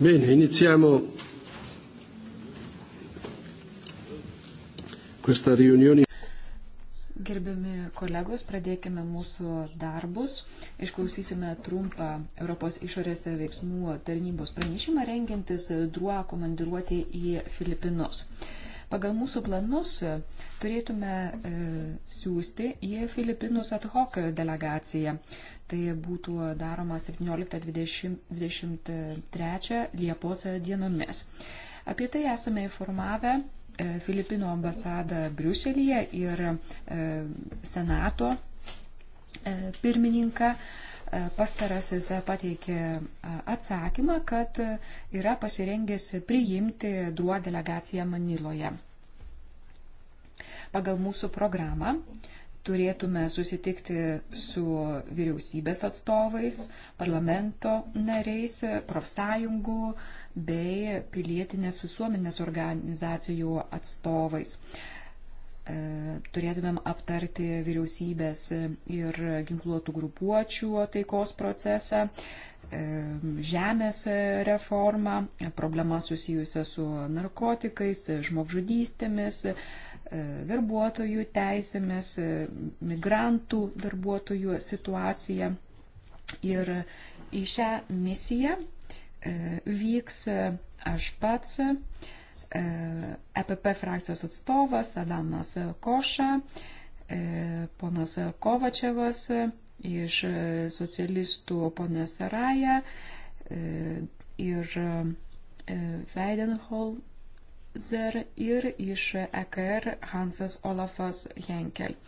Bene, iniziamo questa riunione. Gerbiami kolegos, pradėkime mūsų darbus. Išklausysime trumpą Europos išorės veiksmų tarnybos pranešimą rengiantis druo komandiruoti į Filipinus. Uh, Pagal mūsų planus e, turėtume e, siūsti į Filipinus ad hoc delegaciją. Tai būtų daroma 17-23 Liepos dienomis. Apie tai esame informavę e, Filipino ambasadą Briuselėje ir e, Senato e, pirmininką. E, Pastarasis pateikė atsakymą, kad yra pasirengęs priimti duo delegaciją Maniloje. Pagal mūsų programą turėtume susitikti su vyriausybės atstovais, parlamento nariais, profsąjungų bei pilietinės visuomenės organizacijų atstovais. Uh, E, turėtumėm aptarti vyriausybės ir ginkluotų grupuočių taikos procesą, e, žemės reformą, problemą susijusią su narkotikais, žmogžudystėmis, e, darbuotojų teisėmis, migrantų darbuotojų situaciją. Ir į šią misiją vyks aš pats EPP e frakcijos atstovas Adamas Koša, e, ponas Kovačevas iš socialistų ponas Saraja e, ir Weidenholzer ir iš EKR Hansas Olafas Henkel.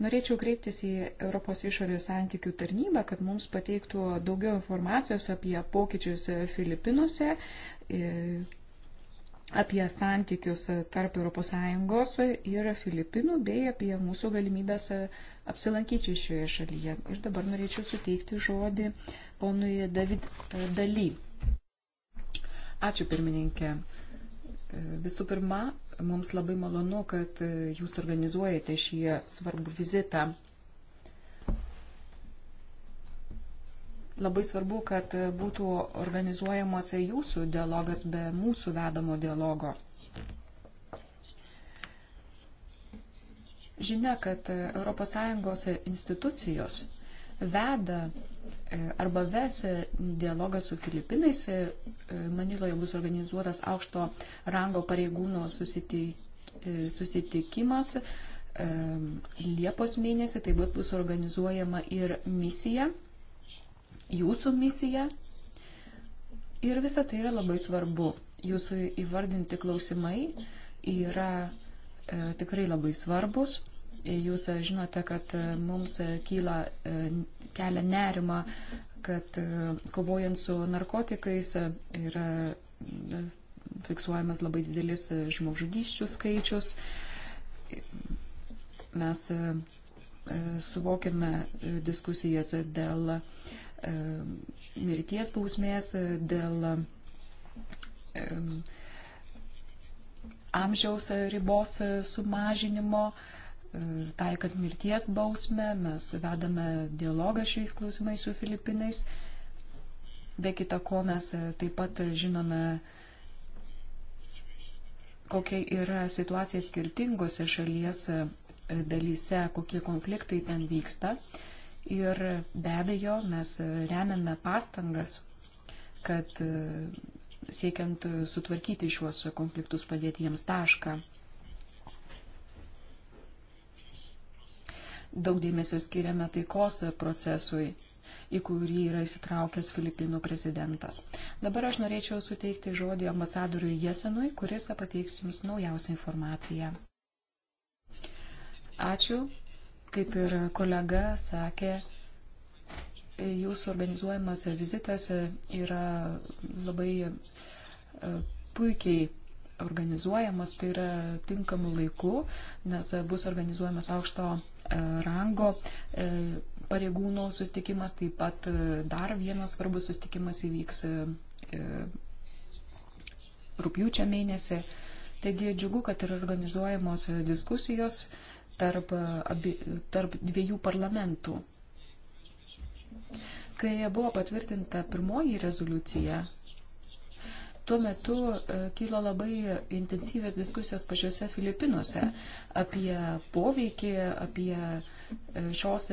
Norėčiau kreiptis į Europos išorės santykių tarnybą, kad mums pateiktų daugiau informacijos apie pokyčius Filipinuose, apie santykius tarp ES ir Filipinų bei apie mūsų galimybės apsilankyti šioje šalyje. Ir dabar norėčiau suteikti žodį ponui David e, Daly. Ačiū pirmininkė. E, visų pirma, mums labai malonu, kad e, jūs organizuojate šį svarbų vizitą Labai svarbu, kad būtų organizuojamas jūsų dialogas be mūsų vedamo dialogo. Žinia, kad ES institucijos veda e, arba ves dialogą su Filipinais. E, Maniloje bus organizuotas aukšto rango pareigūno e, susitikimas. Liepos mėnesį taip pat bus organizuojama ir misija jūsų misija. Ir visa tai yra labai svarbu. Jūsų įvardinti klausimai yra e, tikrai labai svarbus. Jūs e, žinote, kad e, mums e, kyla e, kelia nerima, kad e, kovojant su narkotikais yra e, fiksuojamas labai didelis žmogžudyščių skaičius. Mes suvokiame diskusijas dėl e, E, mirties bausmės, e, dėl e, amžiaus ribos sumažinimo, taikant mirties bausmę. Mes vedame dialogą šiais klausimais su Filipinais. Be kita ko, mes taip pat žinome, kokia yra situacija skirtingose šalies dalyse, kokie konfliktai ten vyksta. Uh, Ir be abejo, mes remiame pastangas, kad e, siekiant sutvarkyti šiuos konfliktus, padėti jiems tašką. Daug dėmesio skiriame taikos procesui, į kurį yra įsitraukęs Filipinų prezidentas. Dabar aš norėčiau suteikti žodį ambasadoriui Jesenui, kuris pateiks jums naujausią informaciją. Ačiū Kaip ir kolega sakė, jūsų organizuojamas vizitas yra labai e, puikiai organizuojamas, tai yra tinkamu laiku, nes bus organizuojamas aukšto e, rango e, pareigūnų sustikimas, taip pat dar vienas svarbus sustikimas įvyks rūpjūčio mėnesį. Taigi džiugu, kad yra organizuojamos diskusijos tarp, abi, tarp dviejų parlamentų. Kai buvo patvirtinta pirmoji rezoliucija, tuo metu e, kilo labai intensyvės diskusijos pačiuose Filipinuose apie poveikį, apie e, šios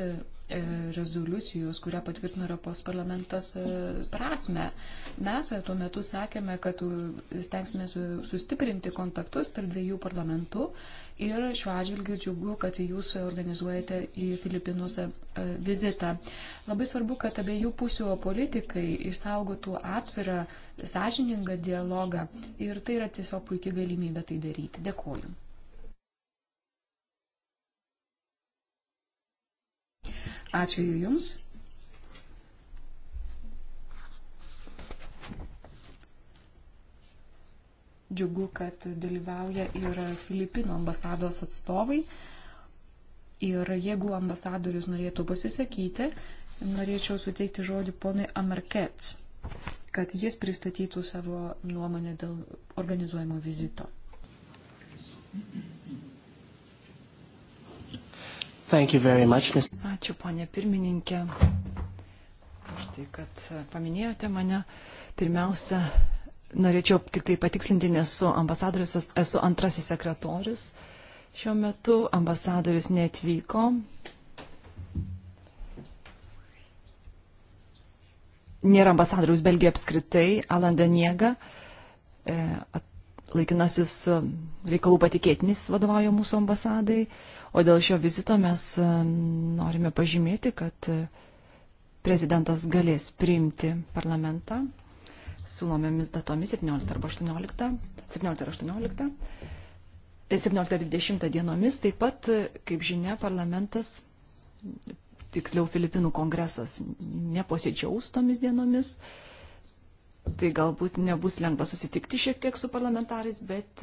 E, rezoliucijos, kurią patvirtino Europos parlamentas e, prasme. Mes e, tuo metu sakėme, kad stengsime sustiprinti kontaktus tarp dviejų parlamentų ir šiuo atžvilgiu džiugu, kad jūs organizuojate į Filipinus vizitą. Labai svarbu, kad abiejų pusių politikai išsaugotų atvirą, sąžiningą dialogą ir tai yra tiesiog puikia galimybė tai daryti. Dėkuoju. Ačiū Jums. Džiugu, kad dalyvauja ir Filipino ambasados atstovai. Ir jeigu ambasadorius norėtų pasisakyti, norėčiau suteikti žodį ponui Amarkets, kad jis pristatytų savo nuomonę dėl organizuojamo vizito. Mm -mm. Much, Ms... Ačiū, ponė pirmininkė, už tai, kad paminėjote mane. Pirmiausia, norėčiau tik tai patikslinti, nesu ambasadorius, esu antrasis sekretorius. Šiuo metu ambasadorius netvyko. Nėra ambasadoriaus Belgijoje apskritai, Alanda Niega, e, laikinasis e, reikalų patikėtinis vadovauja mūsų ambasadai. O dėl šio vizito mes e, norime pažymėti, kad e, prezidentas galės priimti parlamentą siūlomiomis datomis 17 arba 18, 17 ir 18, 17 e, ir 20 dienomis. Taip pat, kaip žinia, parlamentas, tiksliau Filipinų kongresas, neposėdžiaus tomis dienomis. Tai galbūt nebus lengva susitikti šiek tiek su parlamentarais, bet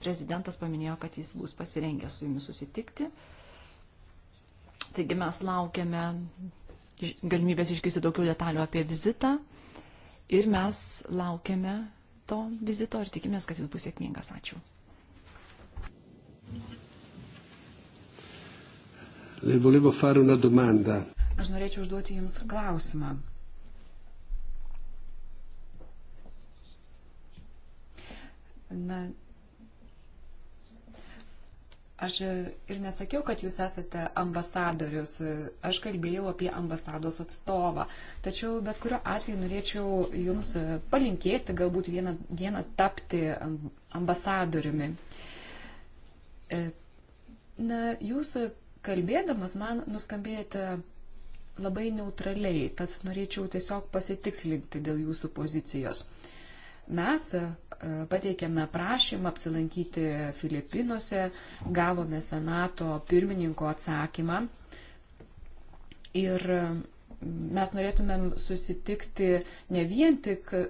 prezidentas paminėjo, kad jis bus pasirengęs su jumis susitikti. Taigi mes laukiame galimybės išgirsti daugiau detalių apie vizitą ir mes laukiame to vizito ir tikimės, kad jis bus sėkmingas. Ačiū. Le volevo fare una domanda. Aš norėčiau užduoti Jums klausimą. Na, Aš ir nesakiau, kad jūs esate ambasadorius. Aš kalbėjau apie ambasados atstovą. Tačiau bet kuriuo atveju norėčiau jums palinkėti galbūt vieną dieną tapti ambasadoriumi. E, na, jūs kalbėdamas man nuskambėjote labai neutraliai, tad norėčiau tiesiog pasitikslinti dėl jūsų pozicijos. Mes E, pateikėme prašymą apsilankyti Filipinuose, gavome Senato pirmininko atsakymą ir e, mes norėtumėm susitikti ne vien tik e,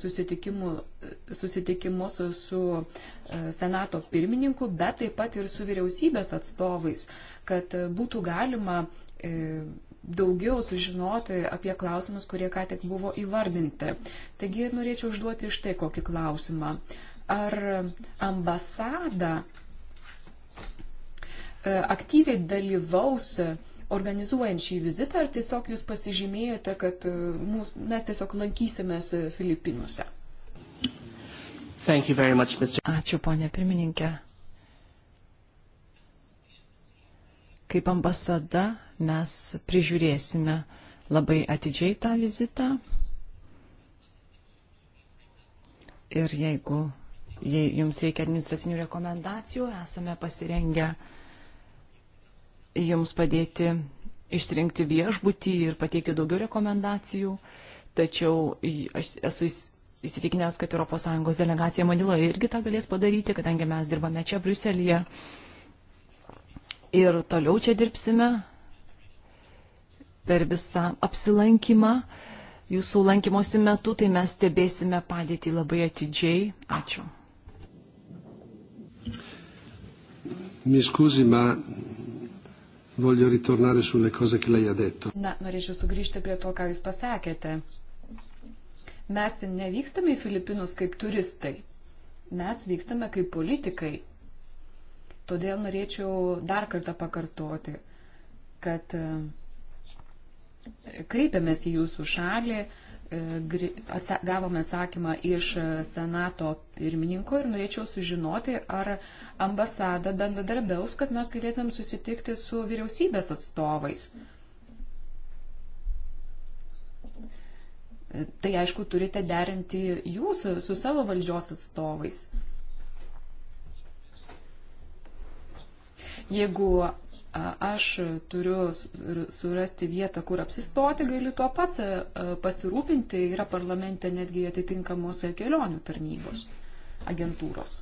susitikimus su Senato pirmininku, bet taip pat ir su vyriausybės atstovais, kad būtų galima daugiau sužinoti apie klausimus, kurie ką tik buvo įvardinti. Taigi norėčiau užduoti iš tai kokį klausimą. Ar ambasada e, aktyviai dalyvaus organizuojant šį vizitą, ar tiesiog jūs pasižymėjote, kad e, mūs, mes tiesiog lankysimės Filipinuose? Much, Ačiū, ponė pirmininkė. Kaip ambasada mes prižiūrėsime labai atidžiai tą vizitą. Ir jeigu jei jums reikia administracinių rekomendacijų, esame pasirengę jums padėti išsirinkti viešbutį ir pateikti daugiau rekomendacijų. Tačiau aš esu įsitikinęs, kad ES delegacija Maniloje irgi tą galės padaryti, kadangi mes dirbame čia Briuselėje ir toliau čia dirbsime per visą apsilankymą. Jūsų lankymosi metu, tai mes stebėsime padėtį labai atidžiai. Ačiū. Mi scusi, ma voglio ritornare sulle cose che lei ha detto. Na, norėčiau sugrįžti prie to, ką jūs pasakėte. Mes nevykstame į Filipinus kaip turistai. Mes vykstame kaip politikai. Todėl norėčiau dar kartą pakartoti, kad e, kreipiamės į jūsų šalį, e, gavome atsakymą iš e, Senato pirmininko ir norėčiau sužinoti, ar ambasada bendradarbiaus, kad mes galėtumėm susitikti su vyriausybės atstovais. Tai aišku, turite derinti jūs su savo valdžios atstovais. Jeigu aš turiu surasti vietą, kur apsistoti, galiu tuo pats pasirūpinti. Yra parlamente netgi atitinkamos kelionių tarnybos agentūros.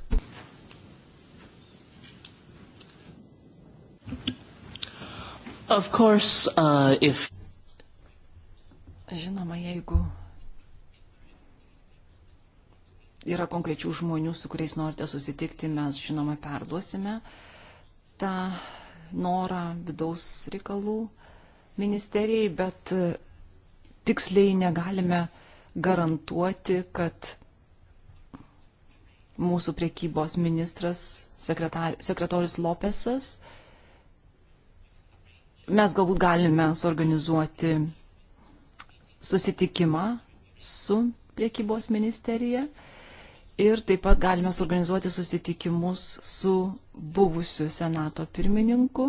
Of course, uh, if... Žinoma, jeigu yra konkrečių žmonių, su kuriais norite susitikti, mes žinoma perduosime. Uh, tą norą vidaus reikalų ministerijai, bet tiksliai negalime garantuoti, kad mūsų priekybos ministras, sekretar, sekretorius Lopesas, mes galbūt galime suorganizuoti susitikimą su priekybos ministerija ir taip pat galime suorganizuoti susitikimus su buvusiu Senato pirmininku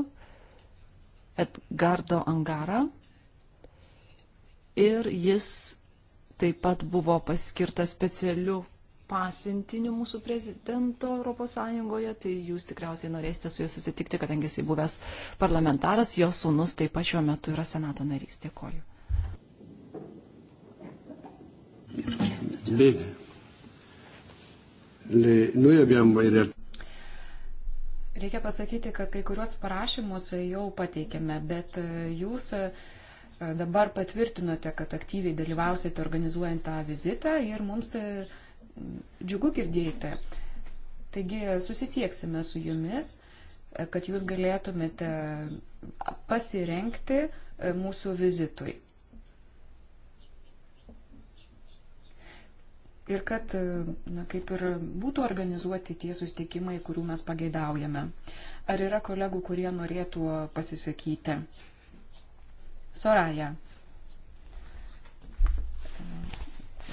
Edgardo Angara. Ir jis taip pat buvo paskirtas specialiu pasiuntiniu mūsų prezidento ES, tai jūs tikriausiai norėsite su juo susitikti, kadangi jisai buvęs parlamentaras, jo sūnus taip pat šiuo metu yra senato narys. Dėkoju. Bėgi. Le, noi abbiamo in realtà. Reikia pasakyti, kad kai kurios prašymus jau pateikėme, bet e, jūs e, dabar patvirtinote, kad aktyviai dalyvausite organizuojant tą vizitą ir mums e, džiugu girdėjote. Taigi susisieksime su jumis, kad jūs galėtumėte pasirenkti mūsų vizitui. ir kad, e, na, kaip ir būtų organizuoti tie susitikimai, kurių mes pageidaujame. Ar yra kolegų, kurie norėtų pasisakyti? Soraja.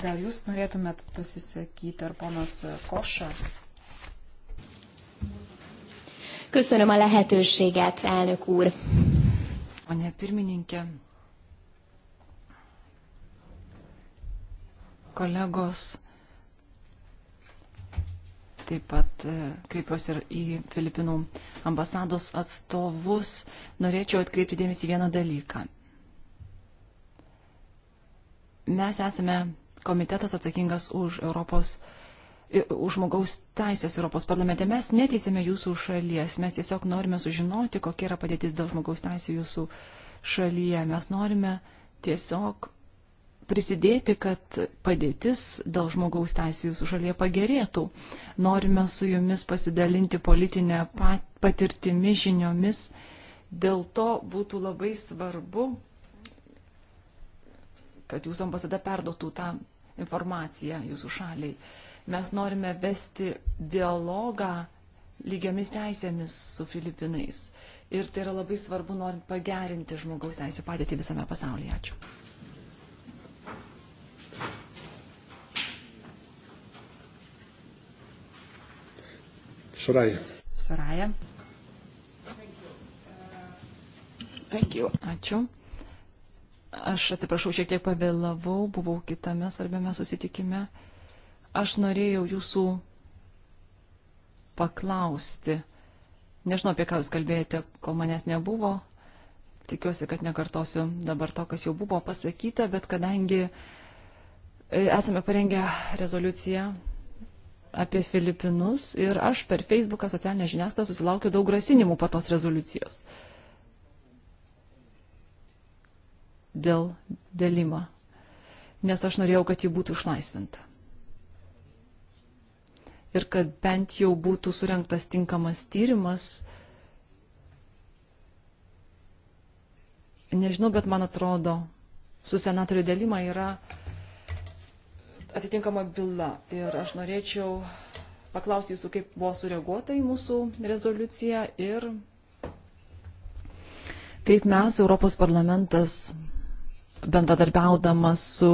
Gal jūs norėtumėt pasisakyti ar ponas Koša? Köszönöm a lehetőséget, elnök úr. Anya pirmininkė, kolegos. Taip pat e, kreipiuosi ir į Filipinų ambasados atstovus. Norėčiau atkreipti dėmesį vieną dalyką. Mes esame komitetas atsakingas už Europos e, už žmogaus teisės Europos parlamente. Mes neteisėme jūsų šalies, mes tiesiog norime sužinoti, kokia yra padėtis dėl žmogaus teisės jūsų šalyje. Mes norime tiesiog prisidėti, kad padėtis dėl žmogaus teisų jūsų šalyje pagerėtų. Norime su jumis pasidalinti politinę patirtimi, žiniomis. Dėl to būtų labai svarbu, kad jūsų ambasada perdotų tą informaciją jūsų šaliai. Mes norime vesti dialogą lygiamis teisėmis su Filipinais. Ir tai yra labai svarbu, norint pagerinti žmogaus teisų padėtį visame pasaulyje. Ačiū. Soraya. Soraya. Thank you. Ačiū. Aš atsiprašau, šiek tiek pavėlavau, buvau kitame svarbiame susitikime. Aš norėjau jūsų paklausti. Nežinau, apie ką jūs kalbėjote, kol manęs nebuvo. Tikiuosi, kad nekartosiu dabar to, kas jau buvo pasakyta, bet kadangi e, esame parengę rezoliuciją apie Filipinus ir aš per Facebooką socialinę žiniasklaidą susilaukiu daug grasinimų po tos rezoliucijos. Dėl dėlimo. Nes aš norėjau, kad ji būtų išlaisvinta. Ir kad bent jau būtų surinktas tinkamas tyrimas. Nežinau, bet man atrodo, su senatoriu dėlima yra atitinkama byla. Ir aš norėčiau paklausti jūsų, kaip buvo sureaguota į mūsų rezoliuciją ir kaip mes, Europos parlamentas, bendradarbiaudamas su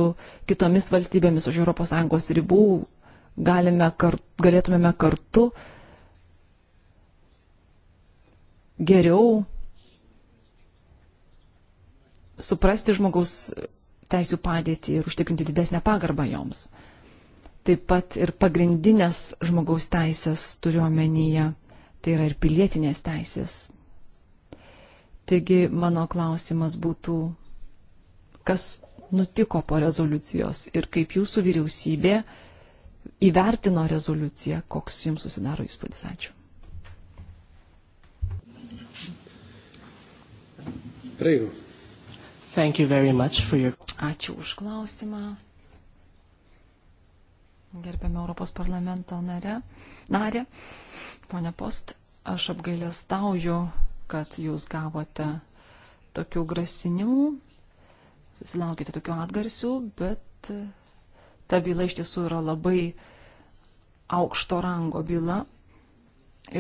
kitomis valstybėmis už ES ribų, galime, kar, galėtumėme kartu geriau suprasti žmogaus teisų padėtį ir užtikrinti didesnę pagarbą joms. Taip pat ir pagrindinės žmogaus teisės turiuomenyje, tai yra ir pilietinės teisės. Taigi mano klausimas būtų, kas nutiko po rezoliucijos ir kaip jūsų vyriausybė įvertino rezoliuciją, koks jums susidaro įspūdis. Ačiū. Prego. Thank you very much for your... Ačiū už klausimą. Gerbėme Europos parlamento narę. narę. Pone Post, aš apgailestauju, kad jūs gavote tokių grasinimų, susilaukite tokių atgarsių, bet ta byla iš tiesų yra labai aukšto rango byla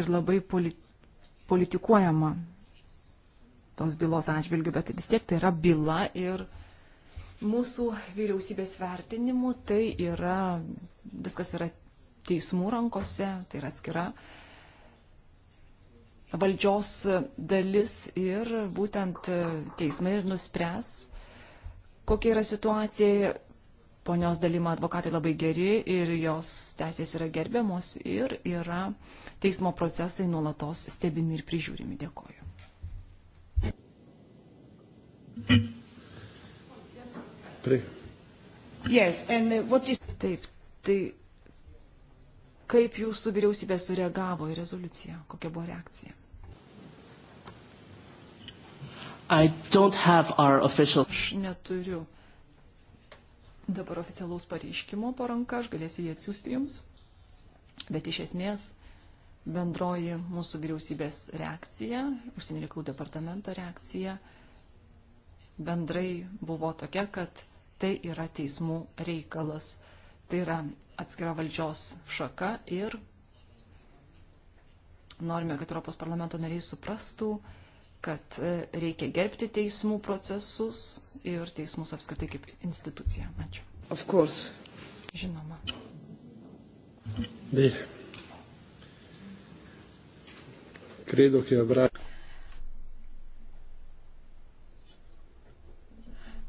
ir labai politikuojama tos bylos atžvilgių, bet vis tiek tai yra byla ir Mūsų vyriausybės vertinimu tai yra, viskas yra teismų rankose, tai yra atskira valdžios dalis ir būtent teismai ir nuspręs, kokia yra situacija. Ponios dalyma advokatai labai geri ir jos teisės yra gerbiamos ir yra teismo procesai nuolatos stebimi ir prižiūrimi. Dėkoju. Thank you. Please. Yes, and uh, what is... Taip, tai kaip jūsų vyriausybė sureagavo į rezoliuciją? Kokia buvo reakcija? Official... Aš neturiu dabar oficialaus pareiškimo paranka, aš galėsiu jį atsiųsti jums, bet iš esmės bendroji mūsų vyriausybės reakcija, užsienio reikalų departamento reakcija bendrai buvo tokia, kad tai yra teismų reikalas. Tai yra atskira valdžios šaka ir norime, kad Europos parlamento nariai suprastų, kad e, reikia gerbti teismų procesus ir teismus apskritai kaip instituciją. Ačiū. Of course. Žinoma. Bene. Credo che avrà.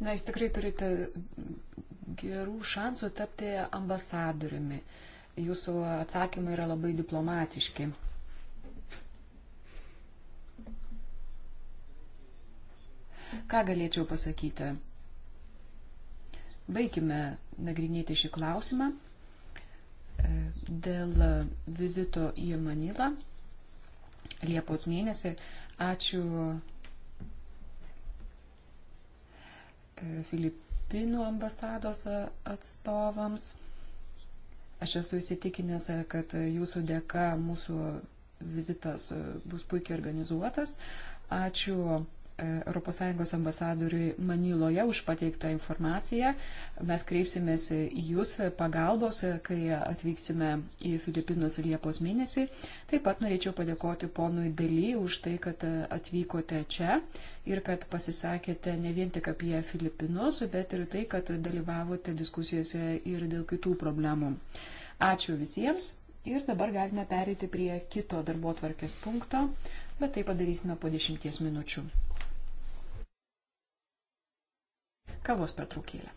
Na, jūs tikrai turite gerų šansų tapti ambasadoriumi. Jūsų atsakymai yra labai diplomatiški. Ką galėčiau pasakyti? Baigime nagrinėti šį klausimą e, dėl vizito į Manilą Liepos mėnesį. Ačiū Filipinų ambasados atstovams. Aš esu įsitikinęs, kad jūsų dėka mūsų vizitas bus puikiai organizuotas. Ačiū ES ambasadoriui Maniloje už pateiktą informaciją. Mes kreipsimės į Jūs pagalbos, kai atvyksime į Filipinus Liepos mėnesį. Taip pat norėčiau padėkoti ponui Daly už tai, kad atvykote čia ir kad pasisakėte ne vien tik apie Filipinus, bet ir tai, kad dalyvavote diskusijose ir dėl kitų problemų. Ačiū visiems. Ir dabar galime pereiti prie kito darbo tvarkės punkto, bet tai padarysime po dešimties minučių. kavos pertraukėlę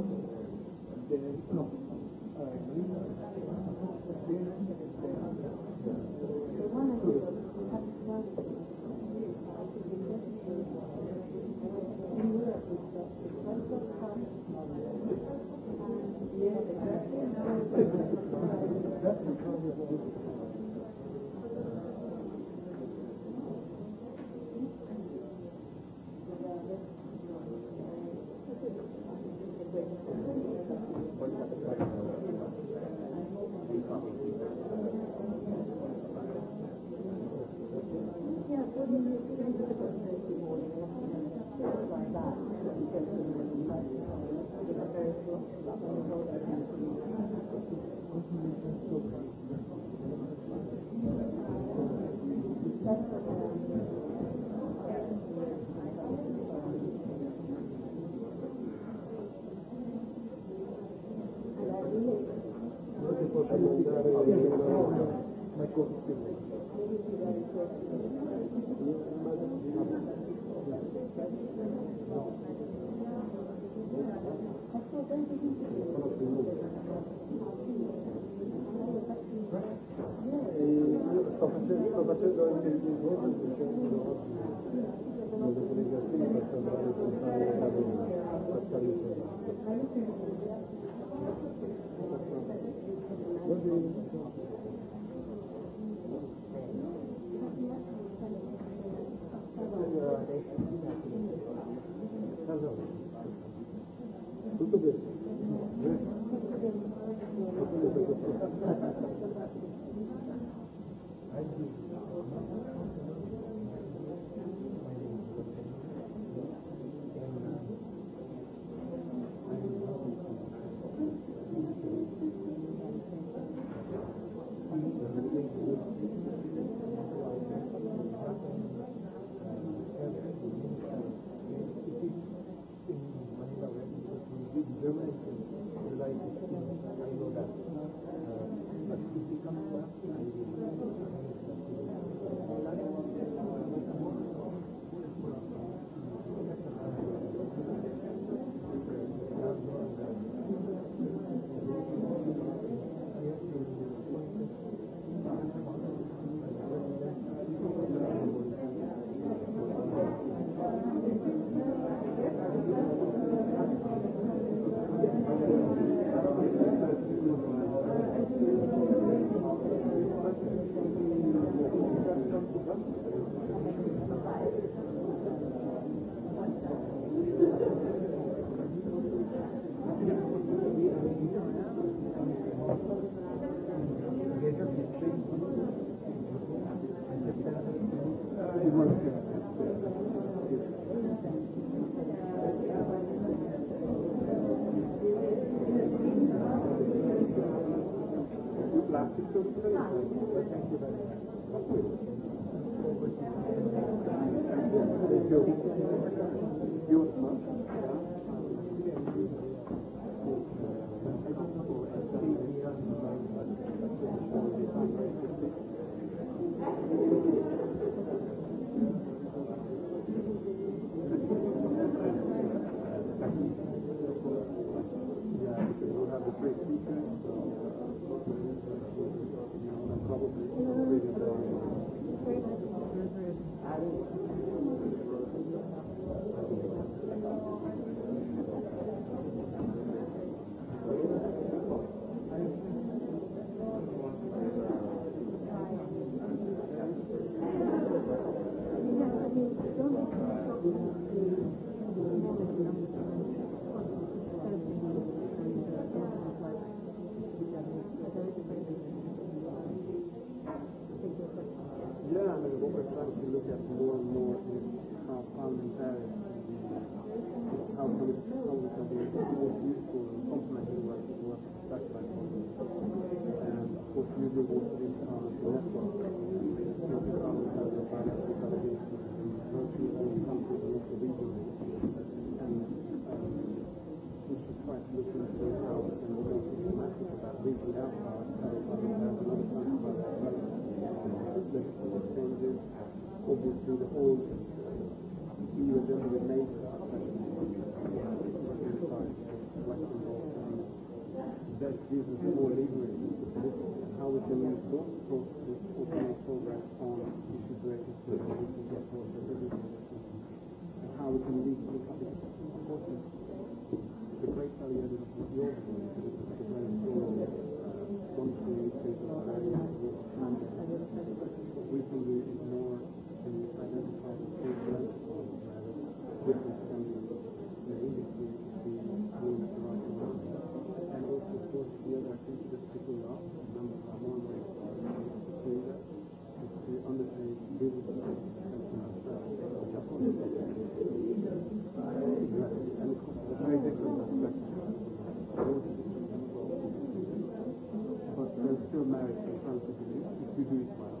Charles de Pelea, et puis Louis Poil.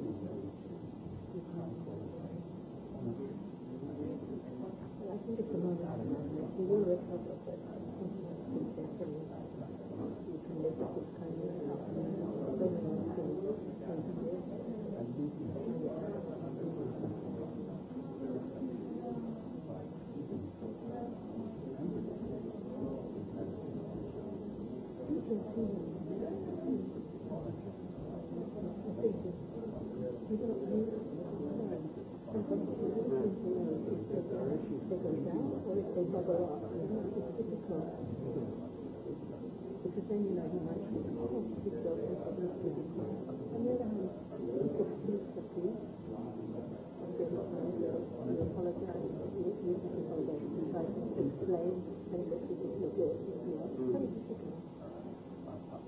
Thank you.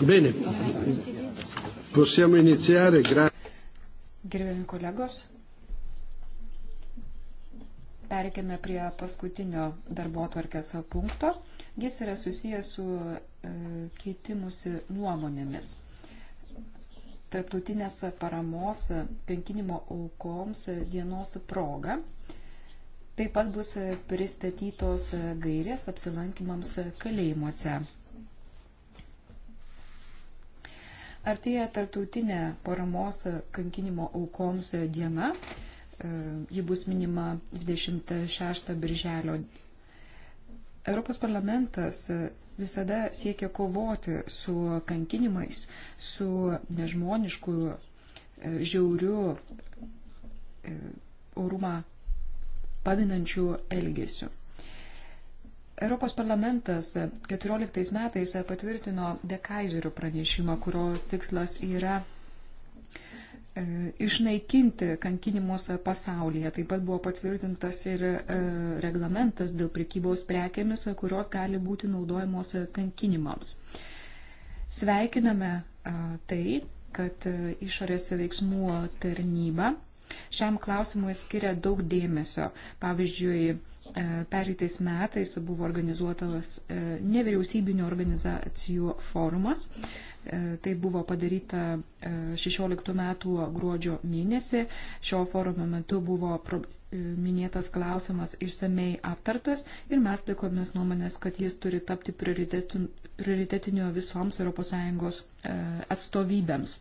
Bene, possiamo iniziare. Gra- Gerbiami kolegos, perkėme prie paskutinio darbo atvarkės punkto. Jis yra susijęs su e, keitimusi nuomonėmis. Tarptautinės paramos kankinimo aukoms dienos proga. Taip pat bus pristatytos gairės apsilankimams kalėjimuose. Artėja tarptautinė paramos kankinimo aukoms diena. E, ji bus minima 26 birželio. Europos parlamentas visada siekia kovoti su kankinimais, su nežmonišku, e, žiauriu, e, orumą pavinančiu elgesiu. Europos parlamentas 14 metais patvirtino Dekaiserio pranešimą, kurio tikslas yra e, išnaikinti kankinimus pasaulyje. Taip pat buvo patvirtintas ir e, reglamentas dėl prekybos prekėmis, kurios gali būti naudojamos kankinimams. Sveikiname e, tai, kad išorės veiksmų tarnyba šiam klausimui skiria daug dėmesio. Pavyzdžiui, E, pereitais metais buvo organizuotas e, nevyriausybinio organizacijų forumas. E, tai buvo padaryta 16 metų gruodžio mėnesį. Šio forumo metu buvo minėtas klausimas išsamei aptartas ir mes laikomės nuomonės, kad jis turi tapti prioritetinio visoms ES atstovybėms.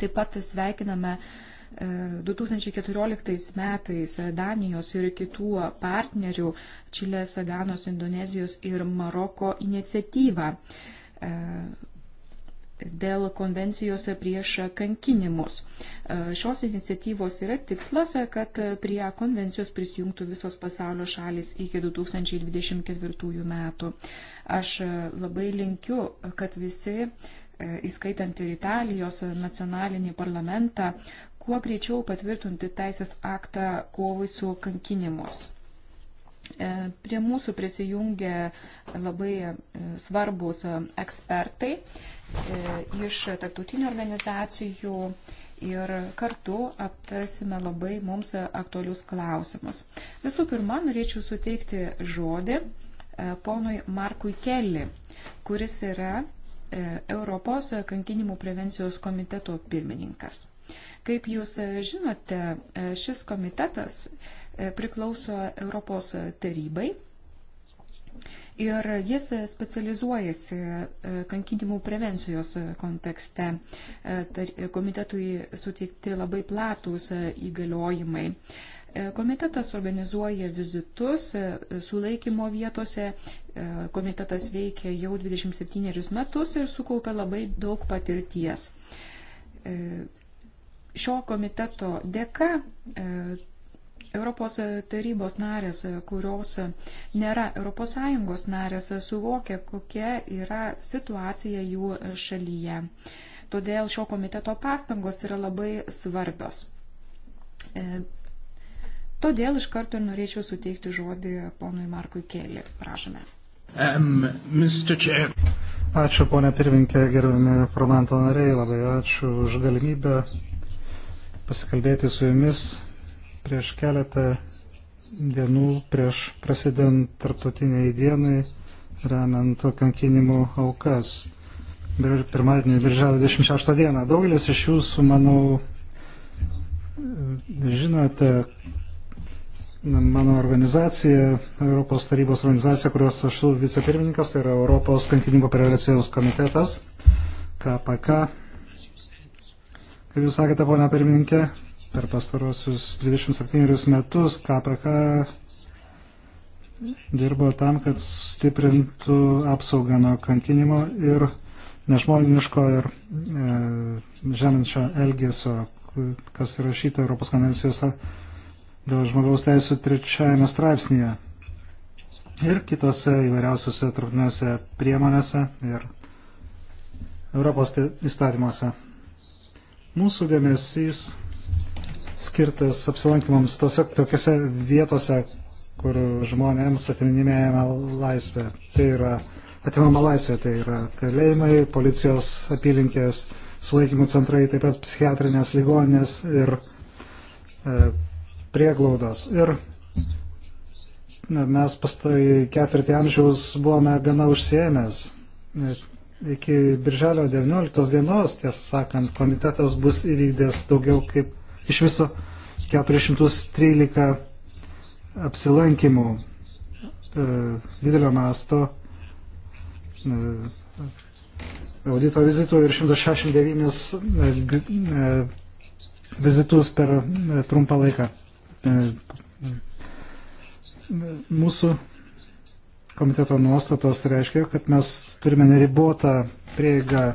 Taip pat sveikiname uh, 2014 metais Danijos ir kitų partnerių Čilės, Ganos, Indonezijos ir Maroko iniciatyvą e, dėl konvencijos prieš kankinimus. E, šios iniciatyvos yra tikslas, kad prie konvencijos prisijungtų visos pasaulio šalis iki 2024 metų. Aš labai linkiu, kad visi e, įskaitant ir Italijos nacionalinį parlamentą, kuo greičiau patvirtinti teisės aktą kovai su kankinimus. E, prie mūsų prisijungė labai e, svarbus e, ekspertai iš tarptautinių organizacijų ir kartu aptarsime labai mums aktualius klausimus. Visų pirma, norėčiau suteikti žodį ponui Markui Kelly, kuris yra Europos kankinimų prevencijos komiteto pirmininkas. Kaip jūs e, žinote, e, šis komitetas e, priklauso Europos tarybai ir jis specializuojasi kankinimų prevencijos kontekste. Komitetui suteikti labai platūs įgaliojimai. Komitetas organizuoja vizitus sulaikymo vietose. Komitetas veikia jau 27 metus ir sukaupia labai daug patirties šio komiteto dėka e, Europos tarybos narės, kurios nėra ES narės, suvokia, kokia yra situacija jų šalyje. Todėl šio komiteto pastangos yra labai svarbios. E, todėl iš karto ir norėčiau suteikti žodį ponui Markui Kelį. Prašome. Um, ačiū, ponė pirminkė, gerbiami parlamento nariai, labai ačiū už galimybę pasikalbėti su jumis prieš keletą dienų, prieš prasidant tarptautiniai dienai, remiant kankinimų aukas. Pirmadienį, birželio 26 dieną. Daugelis iš jūsų, manau, žinote, mano organizacija, Europos tarybos organizacija, kurios aš esu vicepirmininkas, tai yra Europos kankinimų prevencijos komitetas, KPK, Kaip jūs sakėte, ponia pirmininkė, per pastarosius 27 metus KPK dirbo tam, kad stiprintų apsaugą nuo kankinimo ir nežmoniško ir e, žeminčio elgesio, kas įrašyta Europos konvencijose dėl žmogaus teisų trečiajame straipsnėje ir kitose įvairiausiose trukmėse priemonėse ir Europos įstatymuose. Mūsų dėmesys skirtas apsilankimams tose, tokiose vietose, kur žmonėms atiminėjama laisvė. Tai yra atimama laisvė, tai yra kalėjimai, policijos apylinkės, sulaikymų centrai, taip pat psichiatrinės ligoninės ir e, prieglaudos. Ir mes pastai ketvirtį amžiaus buvome gana užsiemęs iki birželio 19 dienos, tiesą sakant, komitetas bus įvykdęs daugiau kaip iš viso 413 apsilankimų e, didelio masto e, audito vizitų ir 169 e, e, vizitus per e, trumpą laiką. E, mūsų komiteto nuostatos reiškia, kad mes turime neribotą prieigą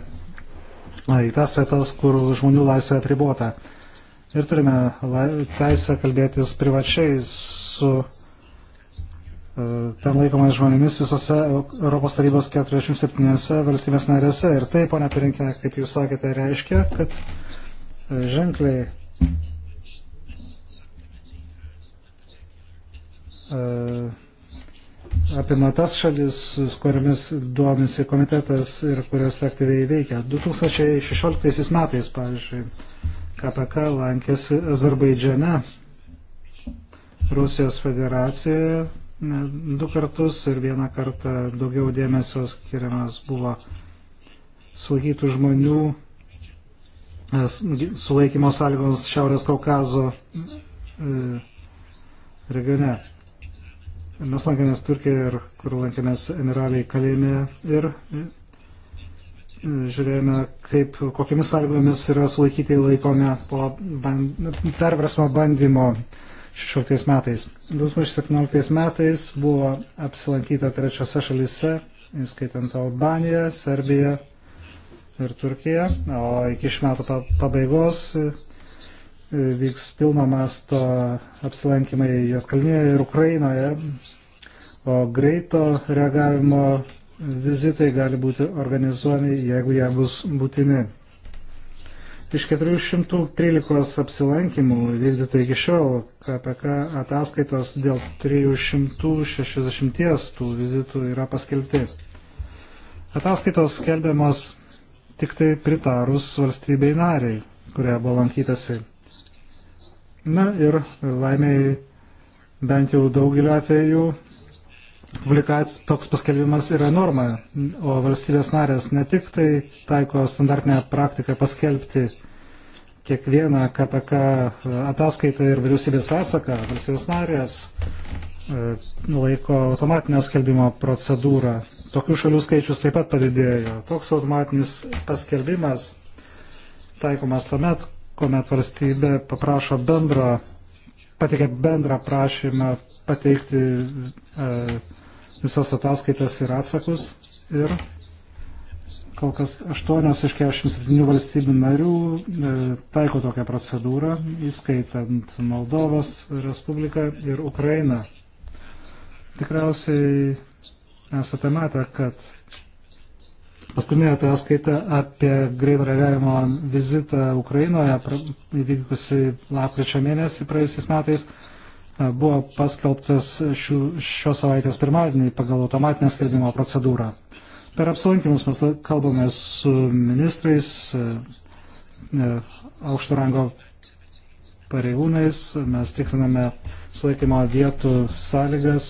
į tas vietas, kur žmonių laisvė apribota. Ir turime teisę kalbėtis privačiai su ten laikomais žmonėmis visose Europos tarybos 47 valstybės narėse. Ir tai, ponia Pirinkė, kaip jūs sakėte, reiškia, kad ženkliai apima tas šalis, su kuriamis duomisi komitetas ir kurios aktyviai veikia. 2016 metais, pavyzdžiui, KPK lankėsi Azerbaidžiane, Rusijos federacijoje du kartus ir vieną kartą daugiau dėmesio skiriamas buvo sulaikytų žmonių sulaikymo sąlygoms Šiaurės Kaukazo e, regione. Mes lankėmės Turkijoje ir kur lankėmės emiraliai kalėjime ir e, žiūrėjome, kaip, kokiamis sąlygomis yra sulaikyti laikome po band, perversmo bandymo 16 metais. 2017 metais buvo apsilankyta trečiose šalise, įskaitant Albaniją, Serbiją ir Turkiją, o iki šių metų pabaigos E, vyks pilno masto apsilankimai Jotkalnyje ir Ukrainoje, o greito reagavimo vizitai gali būti organizuojami, jeigu jie bus būtini. Iš 413 apsilankimų vykdytų iki šiol KPK ataskaitos dėl 360 tų vizitų yra paskelbti. Ataskaitos skelbiamos tik tai pritarus valstybei nariai, kurioje buvo lankytasi. Na ir laimėjai bent jau daugeliu atveju publikac, toks paskelbimas yra norma, o valstybės narės ne tik tai taiko standartinę praktiką paskelbti kiekvieną KPK ataskaitą ir vyriausybės atsaką, valstybės narės e, laiko automatinio skelbimo procedūrą. Tokių šalių skaičius taip pat padidėjo. Toks automatinis paskelbimas taikomas tuomet, kuomet valstybė paprašo bendro, pateikia bendrą prašymą pateikti e, visas ataskaitas ir atsakus. Ir kol kas 8 iš 47 valstybių narių e, taiko tokią procedūrą, įskaitant Moldovos Respubliką ir Ukrainą. Tikriausiai esate matę, kad Paskutinė ataskaita apie greito reagavimo vizitą Ukrainoje, įvykusi lapkričio mėnesį praėjusiais metais, e, buvo paskelbtas šių, šios savaitės pirmadienį pagal automatinę skelbimo procedūrą. Per apsilankimus mes kalbame su ministrais, e, e, aukšto rango pareigūnais, mes tikriname sulaikymo vietų sąlygas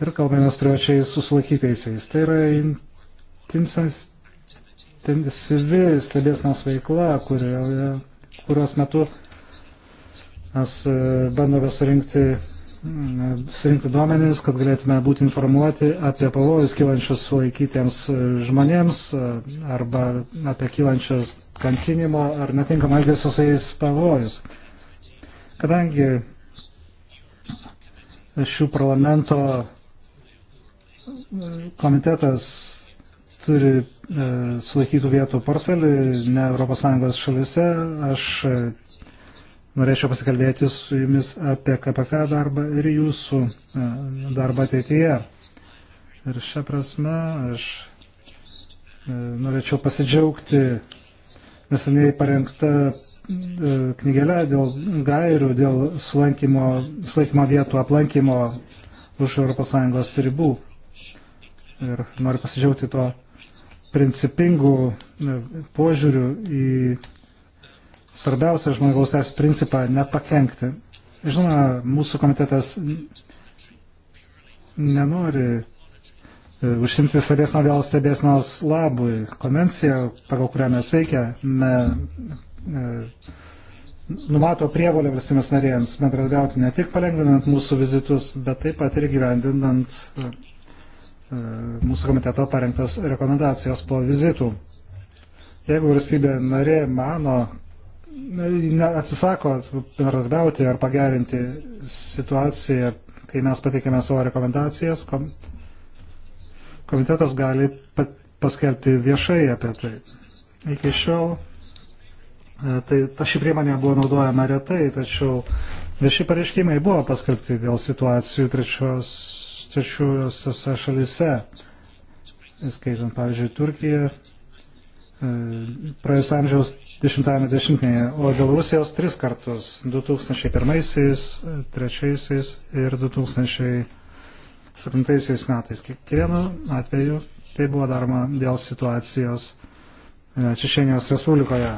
ir kalbame privačiai su sulaikytaisiais. Tai yra intensyvi stebėsnos veikla, kurio, kurios metu mes e, bandome surinkti, surinkti duomenys, kad galėtume būti informuoti apie pavojus kylančius sulaikytiems e, žmonėms e, arba apie kylančius kankinimo ar netinkamą elgesio su jais pavojus. Kadangi šių parlamento komitetas turi e, sulaikytų vietų portfelį ne ES šalise. Aš e, norėčiau pasikalbėti su jumis apie KPK darbą ir jūsų e, darbą ateityje. Ir šią prasme aš e, norėčiau pasidžiaugti neseniai parengta e, knygelė dėl gairių, dėl sulaikymo vietų aplankymo už ES ribų ir noriu pasidžiaugti to principingų požiūrių į svarbiausią žmogaus teisų principą - nepakenkti. Žinoma, mūsų komitetas nenori e, užsimti stebėsną vėl stebėsnos labui. Konvencija, pagal kurią mes veikiame, e, numato prievolę valstybės narėjams bendradarbiauti ne tik palengvinant mūsų vizitus, bet taip pat ir gyvendinant e, E, mūsų komiteto parengtas rekomendacijos po vizitų. Jeigu valstybė narė mano, atsisako bendradarbiauti ar pagerinti situaciją, kai mes pateikėme savo rekomendacijas, komitetas gali paskelbti viešai apie tai. Iki šiol e, tai ta ši priemonė buvo naudojama retai, tačiau vieši pareiškimai buvo paskelbti dėl situacijų trečios trečiuose šalise, skaitant, pavyzdžiui, Turkiją, e, praėjus amžiaus 10-metyje, o dėl Rusijos tris kartus - 2001-aisiais, 2003-aisiais ir 2007-aisiais metais. Kiekvienu atveju tai buvo daroma dėl situacijos e, Češienijos Respublikoje.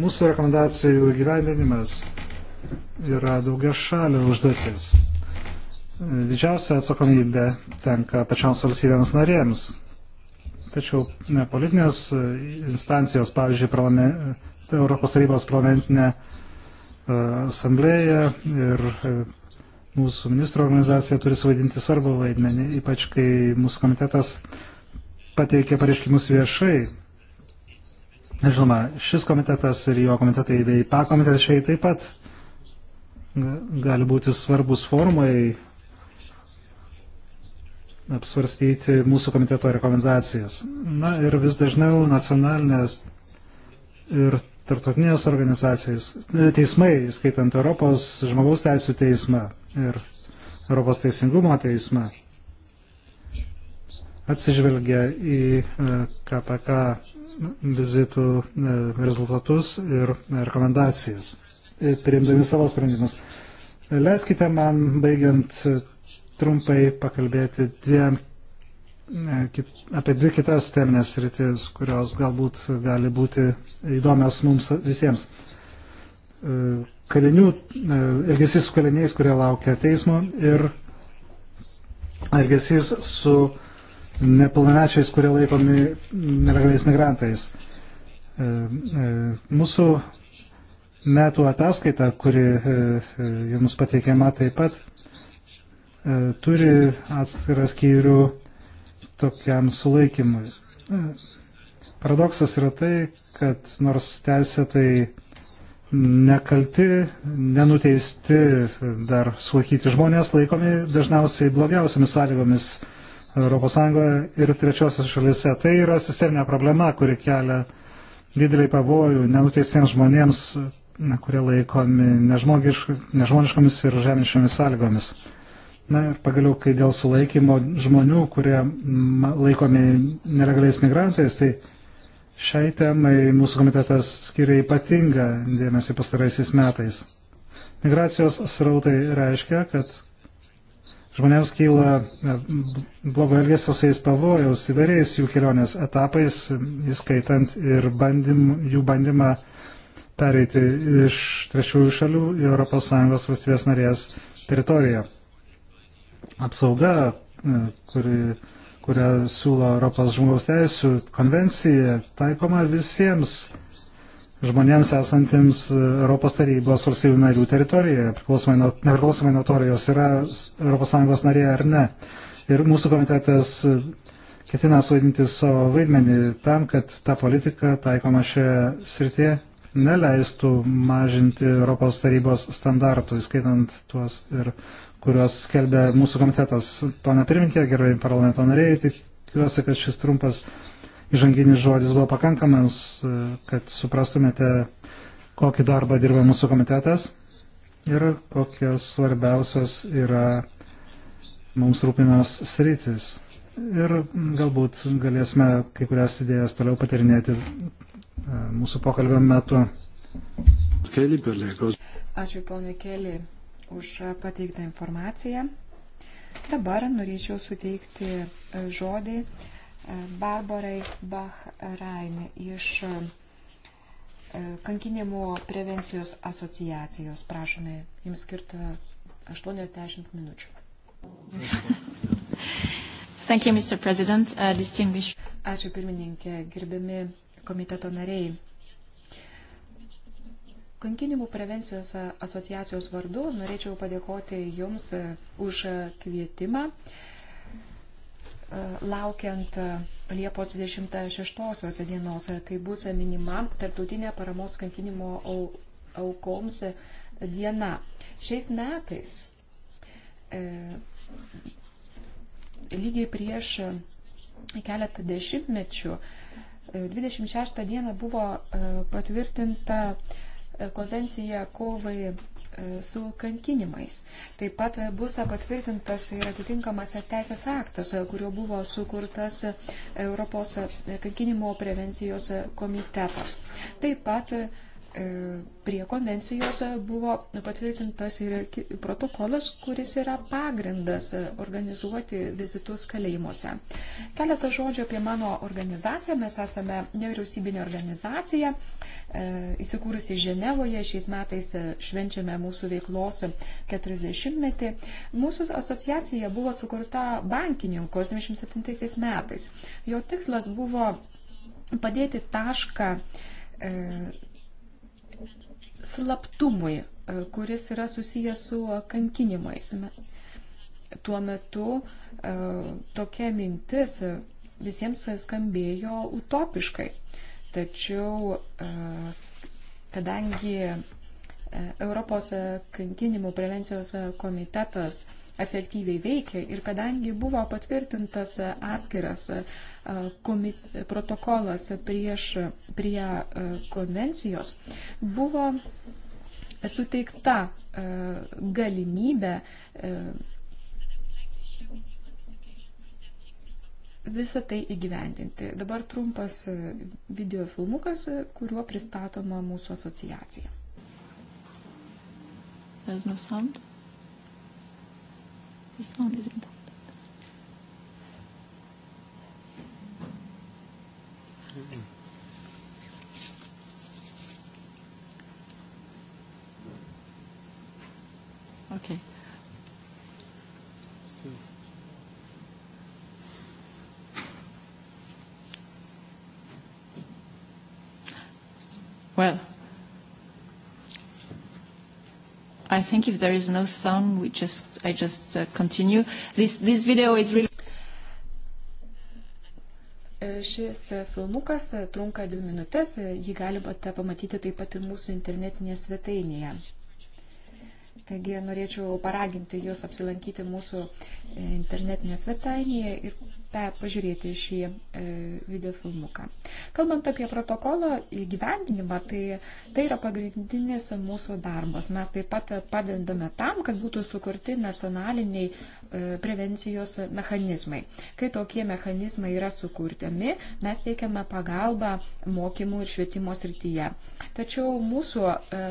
Mūsų rekomendacijų gyvendinimas yra daugia šalių užduotis didžiausia atsakomybė tenka pačioms valstybėms narėms. Tačiau ne, politinės e, instancijos, pavyzdžiui, pralame, e, Europos tarybos parlamentinė e, asamblėja ir mūsų ministro organizacija turi suvaidinti svarbų vaidmenį, ypač kai mūsų komitetas pateikė pareiškimus viešai. Žinoma, šis komitetas ir jo komitetai bei pakomitetai taip pat gali būti svarbus formai apsvarstyti mūsų komiteto rekomendacijas. Na ir vis dažniau nacionalinės ir tarptautinės organizacijos, e, teismai, skaitant Europos žmogaus teisų teismą ir Europos teisingumo teismą, atsižvelgia į KPK e, vizitų e, rezultatus ir rekomendacijas, priimdami savo sprendimus. Leiskite man, baigiant trumpai pakalbėti dviem, e, apie dvi kitas teminės rytis, kurios galbūt gali būti įdomios mums visiems. E, kalinių, e, elgesys su kaliniais, kurie laukia teismo ir elgesys su nepilnamečiais, kurie laikomi nelegaliais migrantais. Mūsų metų ataskaita, kuri jums pateikiama taip pat, E, turi atskirą skyrių tokiam sulaikymui. E, paradoksas yra tai, kad nors teisėtai nekalti, nenuteisti dar sulaikyti žmonės laikomi dažniausiai blogiausiamis sąlygomis ES ir trečiosios šalise. Tai yra sisteminė problema, kuri kelia didelį pavojų nenuteistiems žmonėms, kurie laikomi nežmoniškomis ir žemiškomis sąlygomis. Na ir pagaliau, kai dėl sulaikymo žmonių, kurie laikomi nelegaliais migrantais, tai šiai temai mūsų komitetas skiria ypatingą dėmesį pastaraisiais metais. Migracijos srautai reiškia, kad žmonėms kyla blogo elgesio su jais pavojaus įvairiais jų kelionės etapais, įskaitant ir bandym, jų bandymą pereiti iš trečiųjų šalių į ES valstybės narės teritoriją apsauga, e, kuri, kurią siūlo Europos žmogaus teisų konvencija, taikoma visiems žmonėms esantiems Europos tarybos valstybių narių teritorijoje, nepriklausomai nuo to, ar jos yra ES narė ar ne. Ir mūsų komitetas ketina suvaidinti savo vaidmenį tam, kad ta politika taikoma šioje srityje neleistų mažinti Europos tarybos standartų, įskaitant tuos ir kuriuos skelbia mūsų komitetas. Pana pirmininkė, gerai parlamento nariai, tikiuosi, kad šis trumpas įžanginis žodis buvo pakankamas, kad suprastumėte, kokį darbą dirba mūsų komitetas ir kokios svarbiausios yra mums rūpimios sritis. Ir galbūt galėsime kai kurias idėjas toliau patirinėti e, mūsų pokalbio metu. Ačiū, ponai Keli už pateiktą informaciją. Dabar norėčiau suteikti e, žodį e, Barbarai Bach-Rain iš e, kankinimo prevencijos asociacijos. Prašome, jums skirta 80 minučių. Thank you, Mr. President. Uh, distinguished... Ačiū pirmininkė, gerbiami komiteto nariai. Kankinimų prevencijos asociacijos vardu norėčiau padėkoti Jums e, už kvietimą. E, laukiant e, Liepos 26 dienos, kai bus minima tarptautinė paramos kankinimo aukoms diena. Šiais metais, lygiai prieš keletą dešimtmečių, 26 dieną buvo patvirtinta konvenciją kovai e, su kankinimais. Taip pat e, bus patvirtintas ir atitinkamas teisės aktas, e, kurio buvo sukurtas Europos kankinimo prevencijos komitetas. Taip pat prie konvencijos buvo patvirtintas ir protokolas, kuris yra pagrindas organizuoti vizitus kalėjimuose. Keletą žodžių apie mano organizaciją. Mes esame nevyriausybinė organizacija E, įsikūrusi Ženevoje, šiais metais e, švenčiame mūsų veiklos 40-metį. Mūsų asociacija buvo sukurta bankininkų 87 metais. Jo tikslas buvo padėti tašką e, slaptumui, e, kuris yra susijęs su kankinimais. Tuo metu e, tokia mintis visiems skambėjo utopiškai. E, Tačiau, e, kadangi e, Europos kankinimų prevencijos komitetas efektyviai veikia ir kadangi buvo patvirtintas atskiras e, komit, protokolas prieš, prie konvencijos, buvo suteikta galimybė visą tai įgyvendinti. Dabar trumpas e, video filmukas, e, kuriuo pristatoma mūsų asociacija. There's no sound. The sound is important. Mm-hmm. Okay. Well, I think if there is no sound, we just, I just uh, continue. This, this video is really... E, šis e, filmukas e, trunka dvi minutės, jį galite pamatyti taip pat ir mūsų internetinėje svetainėje. Taigi norėčiau paraginti jūs apsilankyti mūsų internetinėje svetainėje ir pažiūrėti šį e, videofilmuką. Kalbant apie protokolo įgyvendinimą, tai tai yra pagrindinis mūsų darbas. Mes taip pat padedame tam, kad būtų sukurti nacionaliniai e, prevencijos mechanizmai. Kai tokie mechanizmai yra sukurtami, mes teikiame pagalbą mokymų ir švietimo srityje. Tačiau mūsų e,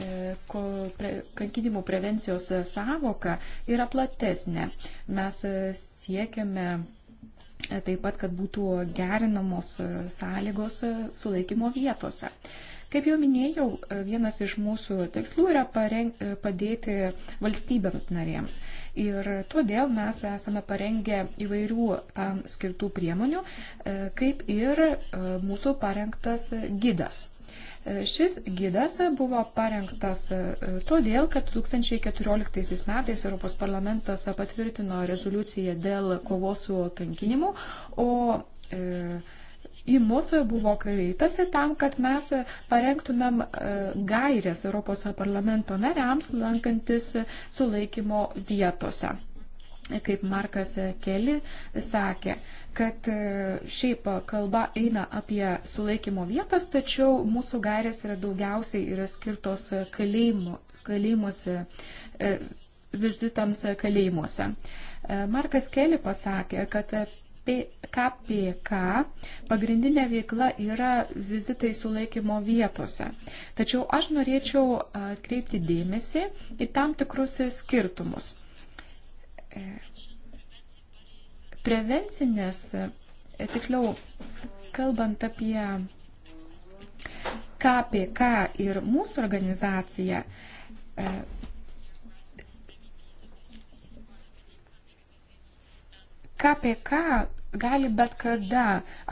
E, kankinimų prevencijos savoka yra platesnė. Mes siekiame taip pat, kad būtų gerinamos sąlygos sulaikymo vietose. Kaip jau minėjau, vienas iš mūsų tikslų yra pareng, padėti valstybėms narėms. Ir todėl mes esame parengę įvairių tam skirtų priemonių, e, kaip ir e, mūsų parengtas gidas. E, šis gidas buvo parengtas e, todėl, kad 2014 metais Europos parlamentas patvirtino rezoliuciją dėl kovos su kankinimu, o e, į mus buvo kreiptasi tam, kad mes parengtumėm e, gairias Europos parlamento nariams lankantis sulaikymo vietose kaip Markas Keli sakė, kad e, šiaip kalba eina apie sulaikymo vietas, tačiau mūsų gairės yra daugiausiai yra skirtos kalėjimo, kalėjimuose, e, vizitams kalėjimuose. E, Markas Keli pasakė, kad KPK pagrindinė veikla yra vizitai sulaikymo vietose. Tačiau aš norėčiau atkreipti dėmesį į tam tikrus skirtumus. E, prevencinės, e, tiksliau, kalbant apie KPK ir mūsų organizaciją, KPK e, gali bet kada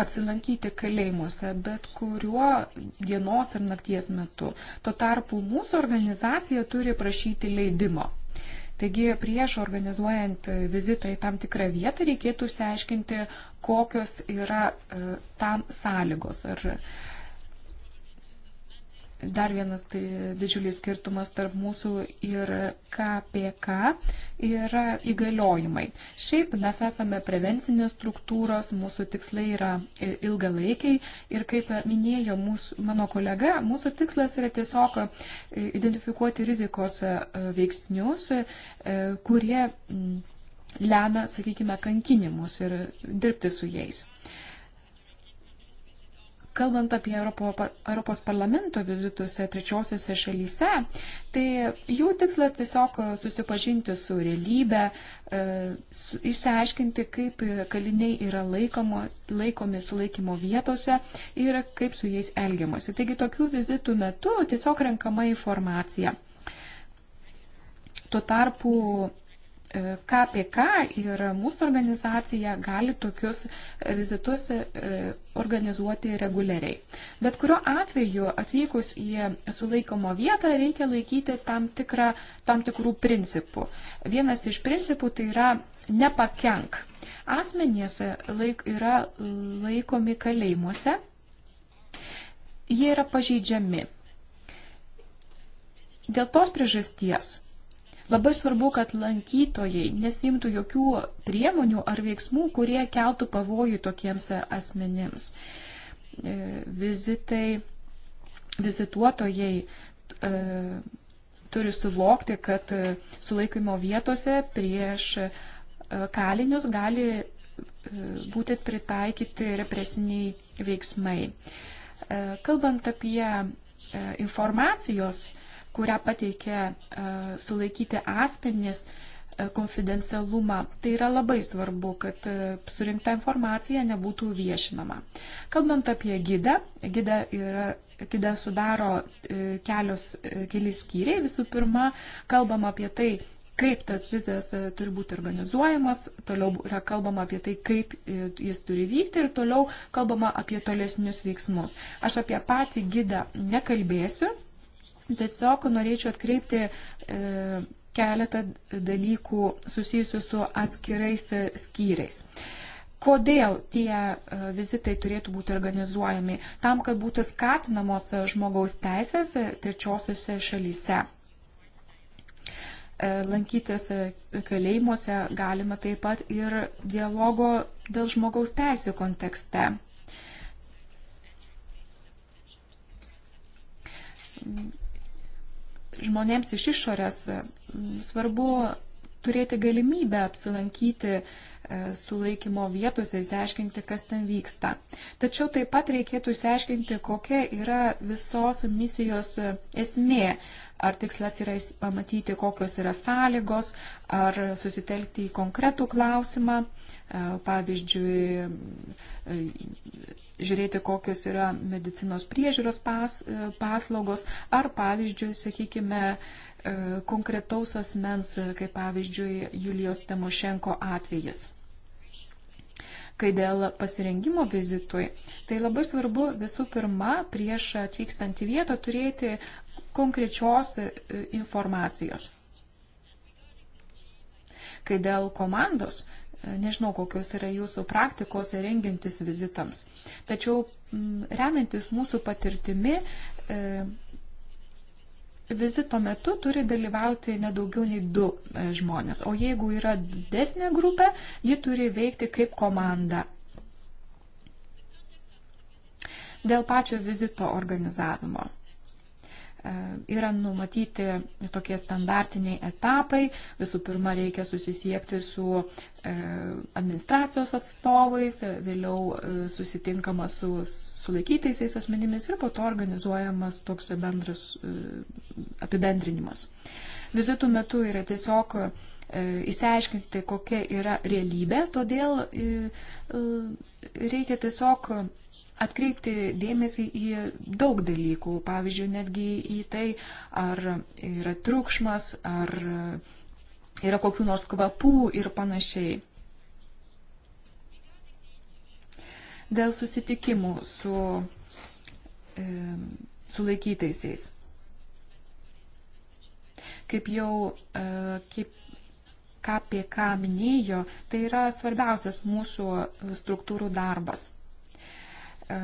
apsilankyti kalėjimuose, bet kuriuo dienos ir nakties metu. Tuo tarpu mūsų organizacija turi prašyti leidimo. Taigi prieš organizuojant vizitą į tam tikrą vietą reikėtų išsiaiškinti, kokios yra e, tam sąlygos. Ar Dar vienas tai didžiulis skirtumas tarp mūsų ir KPK yra įgaliojimai. Šiaip mes esame prevencinės struktūros, mūsų tikslai yra ilgalaikiai ir kaip minėjo mūsų, mano kolega, mūsų tikslas yra tiesiog e, identifikuoti rizikos e, veiksnius, e, kurie lemia, sakykime, kankinimus ir dirbti su jais. Uh, Kalbant apie Europo, Europos parlamento vizitus trečiosiuose šalyse, tai jų tikslas tiesiog susipažinti su realybė, e, su, išsiaiškinti, kaip kaliniai yra laikomo, laikomi sulaikymo vietose ir kaip su jais elgiamasi. Taigi tokių vizitų metu tiesiog renkama informacija. Tuo tarpu KPK ir mūsų organizacija gali tokius vizitus e, organizuoti reguliariai. Bet kuriuo atveju atvykus į sulaikomo vietą reikia laikyti tam, tikrą, tam tikrų principų. Vienas iš principų tai yra nepakenk. Asmenys laik, yra laikomi kalėjimuose, jie yra pažeidžiami. Dėl tos priežasties Labai svarbu, kad lankytojai nesimtų jokių priemonių ar veiksmų, kurie keltų pavojų tokiems asmenims. E, vizitai, vizituotojai e, turi suvokti, kad e, sulaikimo vietose prieš kalinius gali būti pritaikyti represiniai veiksmai. Kalbant apie informacijos kurią pateikė e, sulaikyti asmenys, e, konfidencialumą. Tai yra labai svarbu, kad e, surinkta informacija nebūtų viešinama. Kalbant apie gidą, gida yra. Kida sudaro kelios, keli skyriai. Visų pirma, kalbama apie tai, kaip tas vizas turi būti organizuojamas, toliau yra kalbama apie tai, kaip jis turi vykti ir toliau kalbama apie tolesnius veiksmus. Aš apie patį gidą nekalbėsiu, Tiesiog norėčiau atkreipti e, keletą dalykų susijusių su atskirais e, skyriais. Kodėl tie e, vizitai turėtų būti organizuojami? Tam, kad būtų skatinamos žmogaus teisės trečiosiuose šalyse. Lankytis kalėjimuose galima taip pat ir dialogo dėl žmogaus teisų kontekste žmonėms iš išorės e, svarbu turėti galimybę apsilankyti e, sulaikymo vietose, išsiaiškinti, kas ten vyksta. Tačiau taip pat reikėtų išsiaiškinti, kokia yra visos misijos e, esmė. Ar tikslas yra pamatyti, kokios yra sąlygos, ar susitelkti į konkretų klausimą, pavyzdžiui, žiūrėti, kokios yra medicinos priežiūros pas, e, paslaugos ar, pavyzdžiui, sakykime, e, konkretaus asmens, e, kaip pavyzdžiui, Julijos Temošenko atvejis. Kai dėl pasirengimo vizitui, tai labai svarbu visų pirma prieš atvykstant į vietą turėti konkrečios informacijos. Kai dėl komandos, Nežinau, kokios yra jūsų praktikos rengintis vizitams. Tačiau mm, remiantis mūsų patirtimi, e, vizito metu turi dalyvauti nedaugiau nei du e, žmonės. O jeigu yra didesnė grupė, ji turi veikti kaip komanda. Dėl pačio vizito organizavimo yra numatyti tokie standartiniai etapai. Visų pirma, reikia susisiekti su e, administracijos atstovais, vėliau e, susitinkama su sulaikytaisiais asmenimis ir po to organizuojamas toks bendras e, apibendrinimas. Vizitų metu yra tiesiog įsiaiškinti, kokia yra realybė, todėl reikia tiesiog atkreipti dėmesį į daug dalykų, pavyzdžiui, netgi į tai, ar yra triukšmas, ar yra kokių nors kvapų ir panašiai. Dėl susitikimų su e, sulaikytaisiais. Kaip jau, e, kaip KPK minėjo, tai yra svarbiausias mūsų struktūrų darbas. E,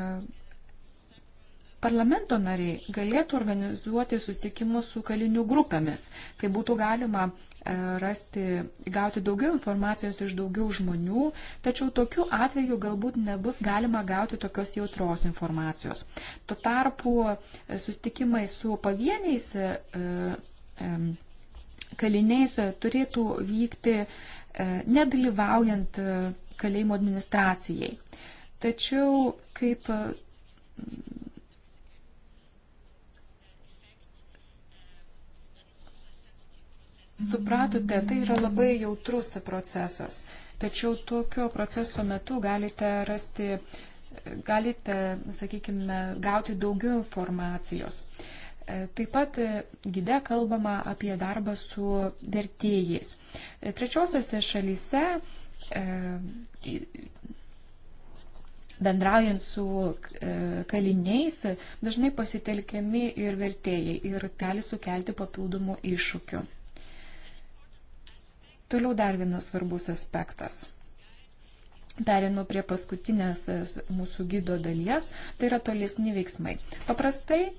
parlamento nariai galėtų organizuoti susitikimus su kalinių grupėmis, kai būtų galima e, rasti, gauti daugiau informacijos iš daugiau žmonių, tačiau tokiu atveju galbūt nebus galima gauti tokios jautros informacijos. Tuo tarpu e, sustikimai su pavieniais kaliniais turėtų vykti nedalyvaujant kalėjimo administracijai. Tačiau kaip mm, Supratote, tai yra labai jautrus procesas, tačiau tokio proceso metu galite rasti, galite, sakykime, gauti daugiau informacijos. E, taip pat e, gide kalbama apie darbą su vertėjais. E, trečiosiose šalyse bendraujant su e, kaliniais, dažnai pasitelkiami ir vertėjai ir gali sukelti papildomų iššūkių. Toliau dar vienas svarbus aspektas. Perinu prie paskutinės e, mūsų gydo dalies, tai yra tolesni veiksmai. Paprastai e,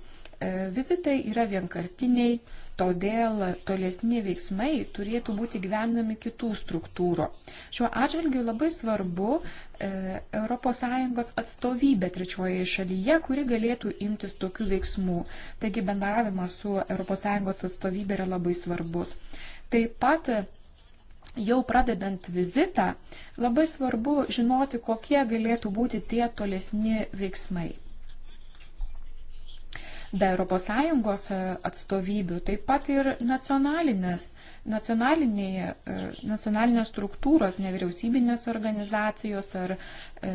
vizitai yra vienkartiniai, Todėl tolesni veiksmai turėtų būti gyvenami kitų struktūrų. Šiuo atžvilgiu labai svarbu e, ES atstovybė trečioje šalyje, kuri galėtų imtis tokių veiksmų. Taigi bendravimas su ES atstovybė yra labai svarbus. Taip pat e, jau pradedant vizitą, labai svarbu žinoti, kokie galėtų būti tie tolesni veiksmai be ES e, atstovybių, taip pat ir nacionalinės, e, nacionalinės struktūros, nevyriausybinės organizacijos ar e,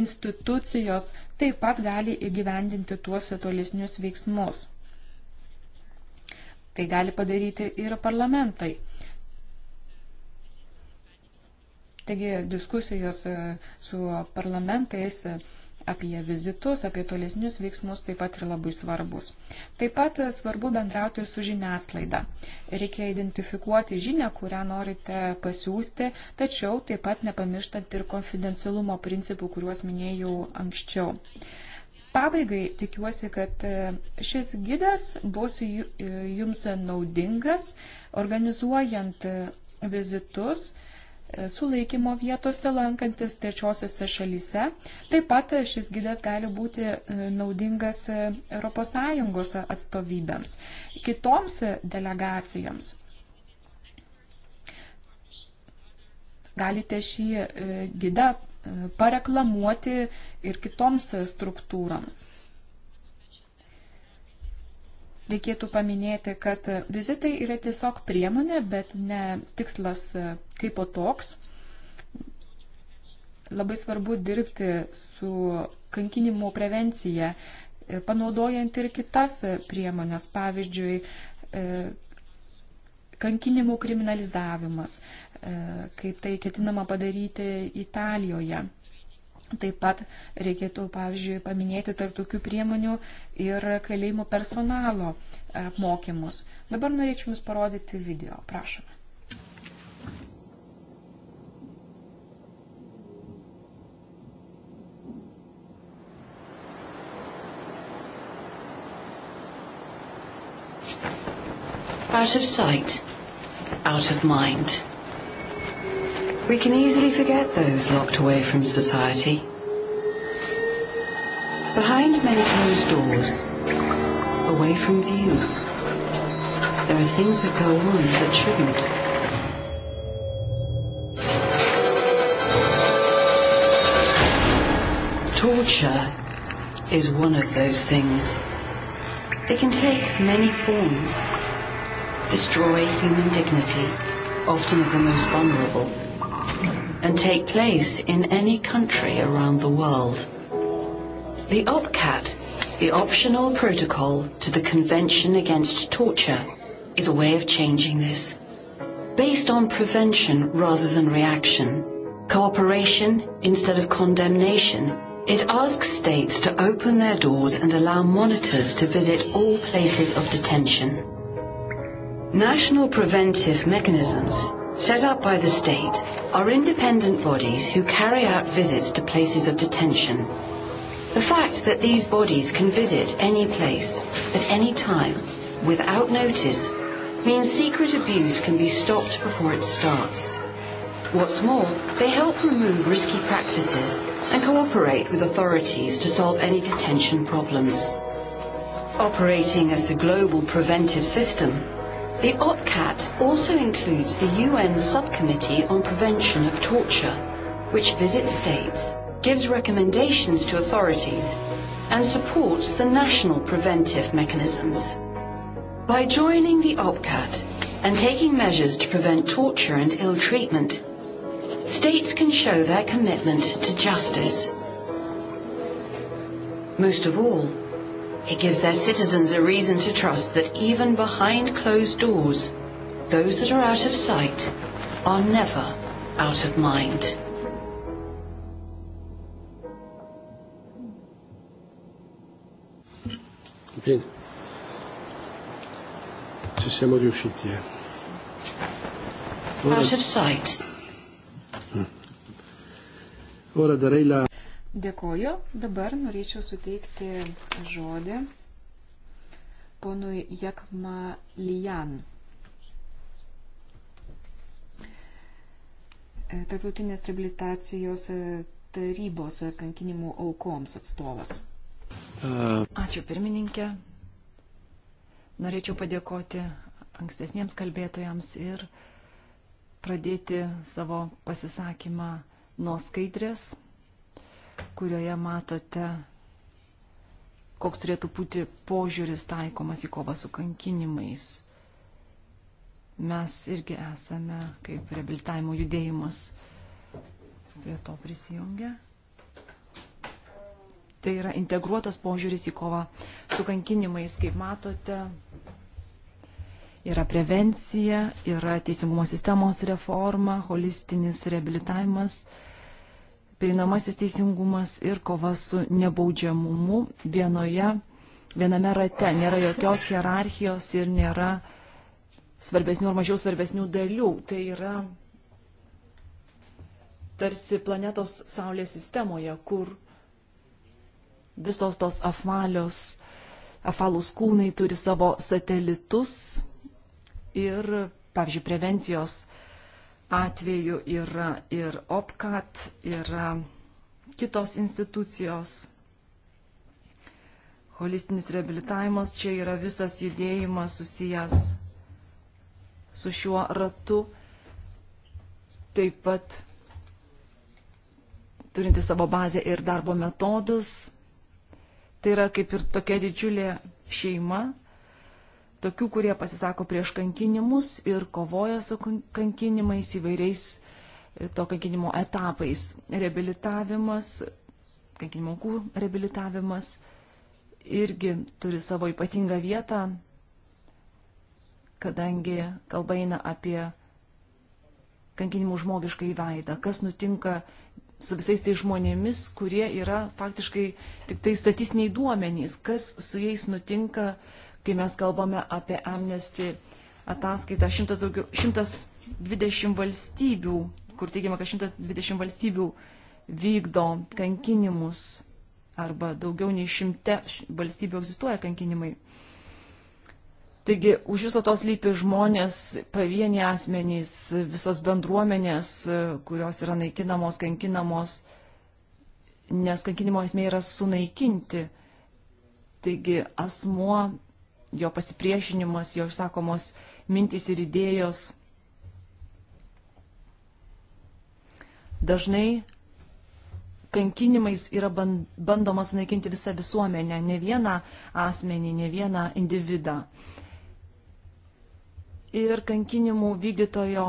institucijos taip pat gali įgyvendinti tuos tolesnius veiksmus. Tai gali padaryti ir parlamentai. Taigi diskusijos e, su parlamentais apie vizitus, apie tolesnius veiksmus taip pat yra labai svarbus. Taip pat svarbu bendrauti su žiniasklaida. Reikia identifikuoti žinią, kurią norite pasiūsti, tačiau taip pat nepamirštant ir konfidencialumo principų, kuriuos minėjau anksčiau. Pabaigai tikiuosi, kad e, šis gidas bus e, jums naudingas, organizuojant e, vizitus sulaikymo vietose lankantis trečiosiose šalyse. Taip pat šis gidas gali būti e, naudingas ES atstovybėms, kitoms e, delegacijoms. Galite šį e, gidą pareklamuoti ir kitoms struktūroms reikėtų paminėti, kad vizitai yra tiesiog priemonė, bet ne tikslas e, kaip o toks. Labai svarbu dirbti su kankinimo prevencija, e, panaudojant ir kitas e, priemonės, pavyzdžiui, kankinimų kriminalizavimas, kaip tai ketinama padaryti Italijoje. Taip pat reikėtų, pavyzdžiui, paminėti tarp tokių priemonių ir kalėjimo personalo apmokymus. Dabar norėčiau Jums parodyti video. Prašome. Out of sight, out of mind. We can easily forget those locked away from society. Behind many closed doors, away from view, there are things that go on that shouldn't. Torture is one of those things. It can take many forms. Destroy human dignity, often of the most vulnerable and take place in any country around the world. The OPCAT, the optional protocol to the Convention Against Torture, is a way of changing this. Based on prevention rather than reaction, cooperation instead of condemnation, it asks states to open their doors and allow monitors to visit all places of detention. National preventive mechanisms set up by the state are independent bodies who carry out visits to places of detention. The fact that these bodies can visit any place at any time without notice means secret abuse can be stopped before it starts. What's more, they help remove risky practices and cooperate with authorities to solve any detention problems. Operating as the global preventive system, The OPCAT also includes the UN Subcommittee on Prevention of Torture, which visits states, gives recommendations to authorities, and supports the national preventive mechanisms. By joining the OPCAT and taking measures to prevent torture and ill treatment, states can show their commitment to justice. Most of all, It gives their citizens a reason to trust that even behind closed doors, those that are out of sight are never out of mind. Bene. Ci siamo riusciti. Eh. Ora... Out of sight. Ora darei la... Dėkoju. Dabar norėčiau suteikti žodį ponui Jakma Lijan. Tarptautinės rehabilitacijos tarybos kankinimų aukoms atstovas. Ačiū pirmininkė. Norėčiau padėkoti ankstesniems kalbėtojams ir pradėti savo pasisakymą nuo skaidrės kurioje matote, koks turėtų būti požiūris taikomas į kovą su kankinimais. Mes irgi esame kaip reabilitavimo judėjimas prie to prisijungę. Tai yra integruotas požiūris į kovą su kankinimais, kaip matote. Yra prevencija, yra teisingumo sistemos reforma, holistinis reabilitavimas, prieinamasis teisingumas ir kova su nebaudžiamumu vienoje, viename rate. Nėra jokios hierarchijos ir nėra svarbesnių ar mažiau svarbesnių dalių. Tai yra tarsi planetos Saulės sistemoje, kur visos tos apvalios, apvalūs kūnai turi savo satelitus ir, pavyzdžiui, prevencijos atveju yra ir OPCAT, yra kitos institucijos. Holistinis reabilitavimas čia yra visas judėjimas susijęs su šiuo ratu. Taip pat turinti savo bazę ir darbo metodus. Tai yra kaip ir tokia didžiulė šeima, tokių, kurie pasisako prieš kankinimus ir kovoja su kankinimais įvairiais e, to kankinimo etapais. Reabilitavimas, kankinimo aukų reabilitavimas irgi turi savo ypatingą vietą, kadangi kalba eina apie kankinimų žmogišką įveidą, kas nutinka su visais tais žmonėmis, kurie yra faktiškai tik tai statistiniai duomenys, kas su jais nutinka, kai mes kalbame apie Amnesty ataskaitą, 100 daugiau, 120 valstybių, kur teigiama, kad 120 valstybių vykdo kankinimus arba daugiau nei šimte valstybių egzistuoja kankinimai. Taigi už viso tos lypi žmonės, pavieniai asmenys, visos bendruomenės, kurios yra naikinamos, kankinamos, nes kankinimo esmė yra sunaikinti. Taigi asmuo jo pasipriešinimas, jo išsakomos mintys ir idėjos. Dažnai kankinimais yra bandoma sunaikinti visą visuomenę, ne vieną asmenį, ne vieną individą. Ir kankinimų vykdytojo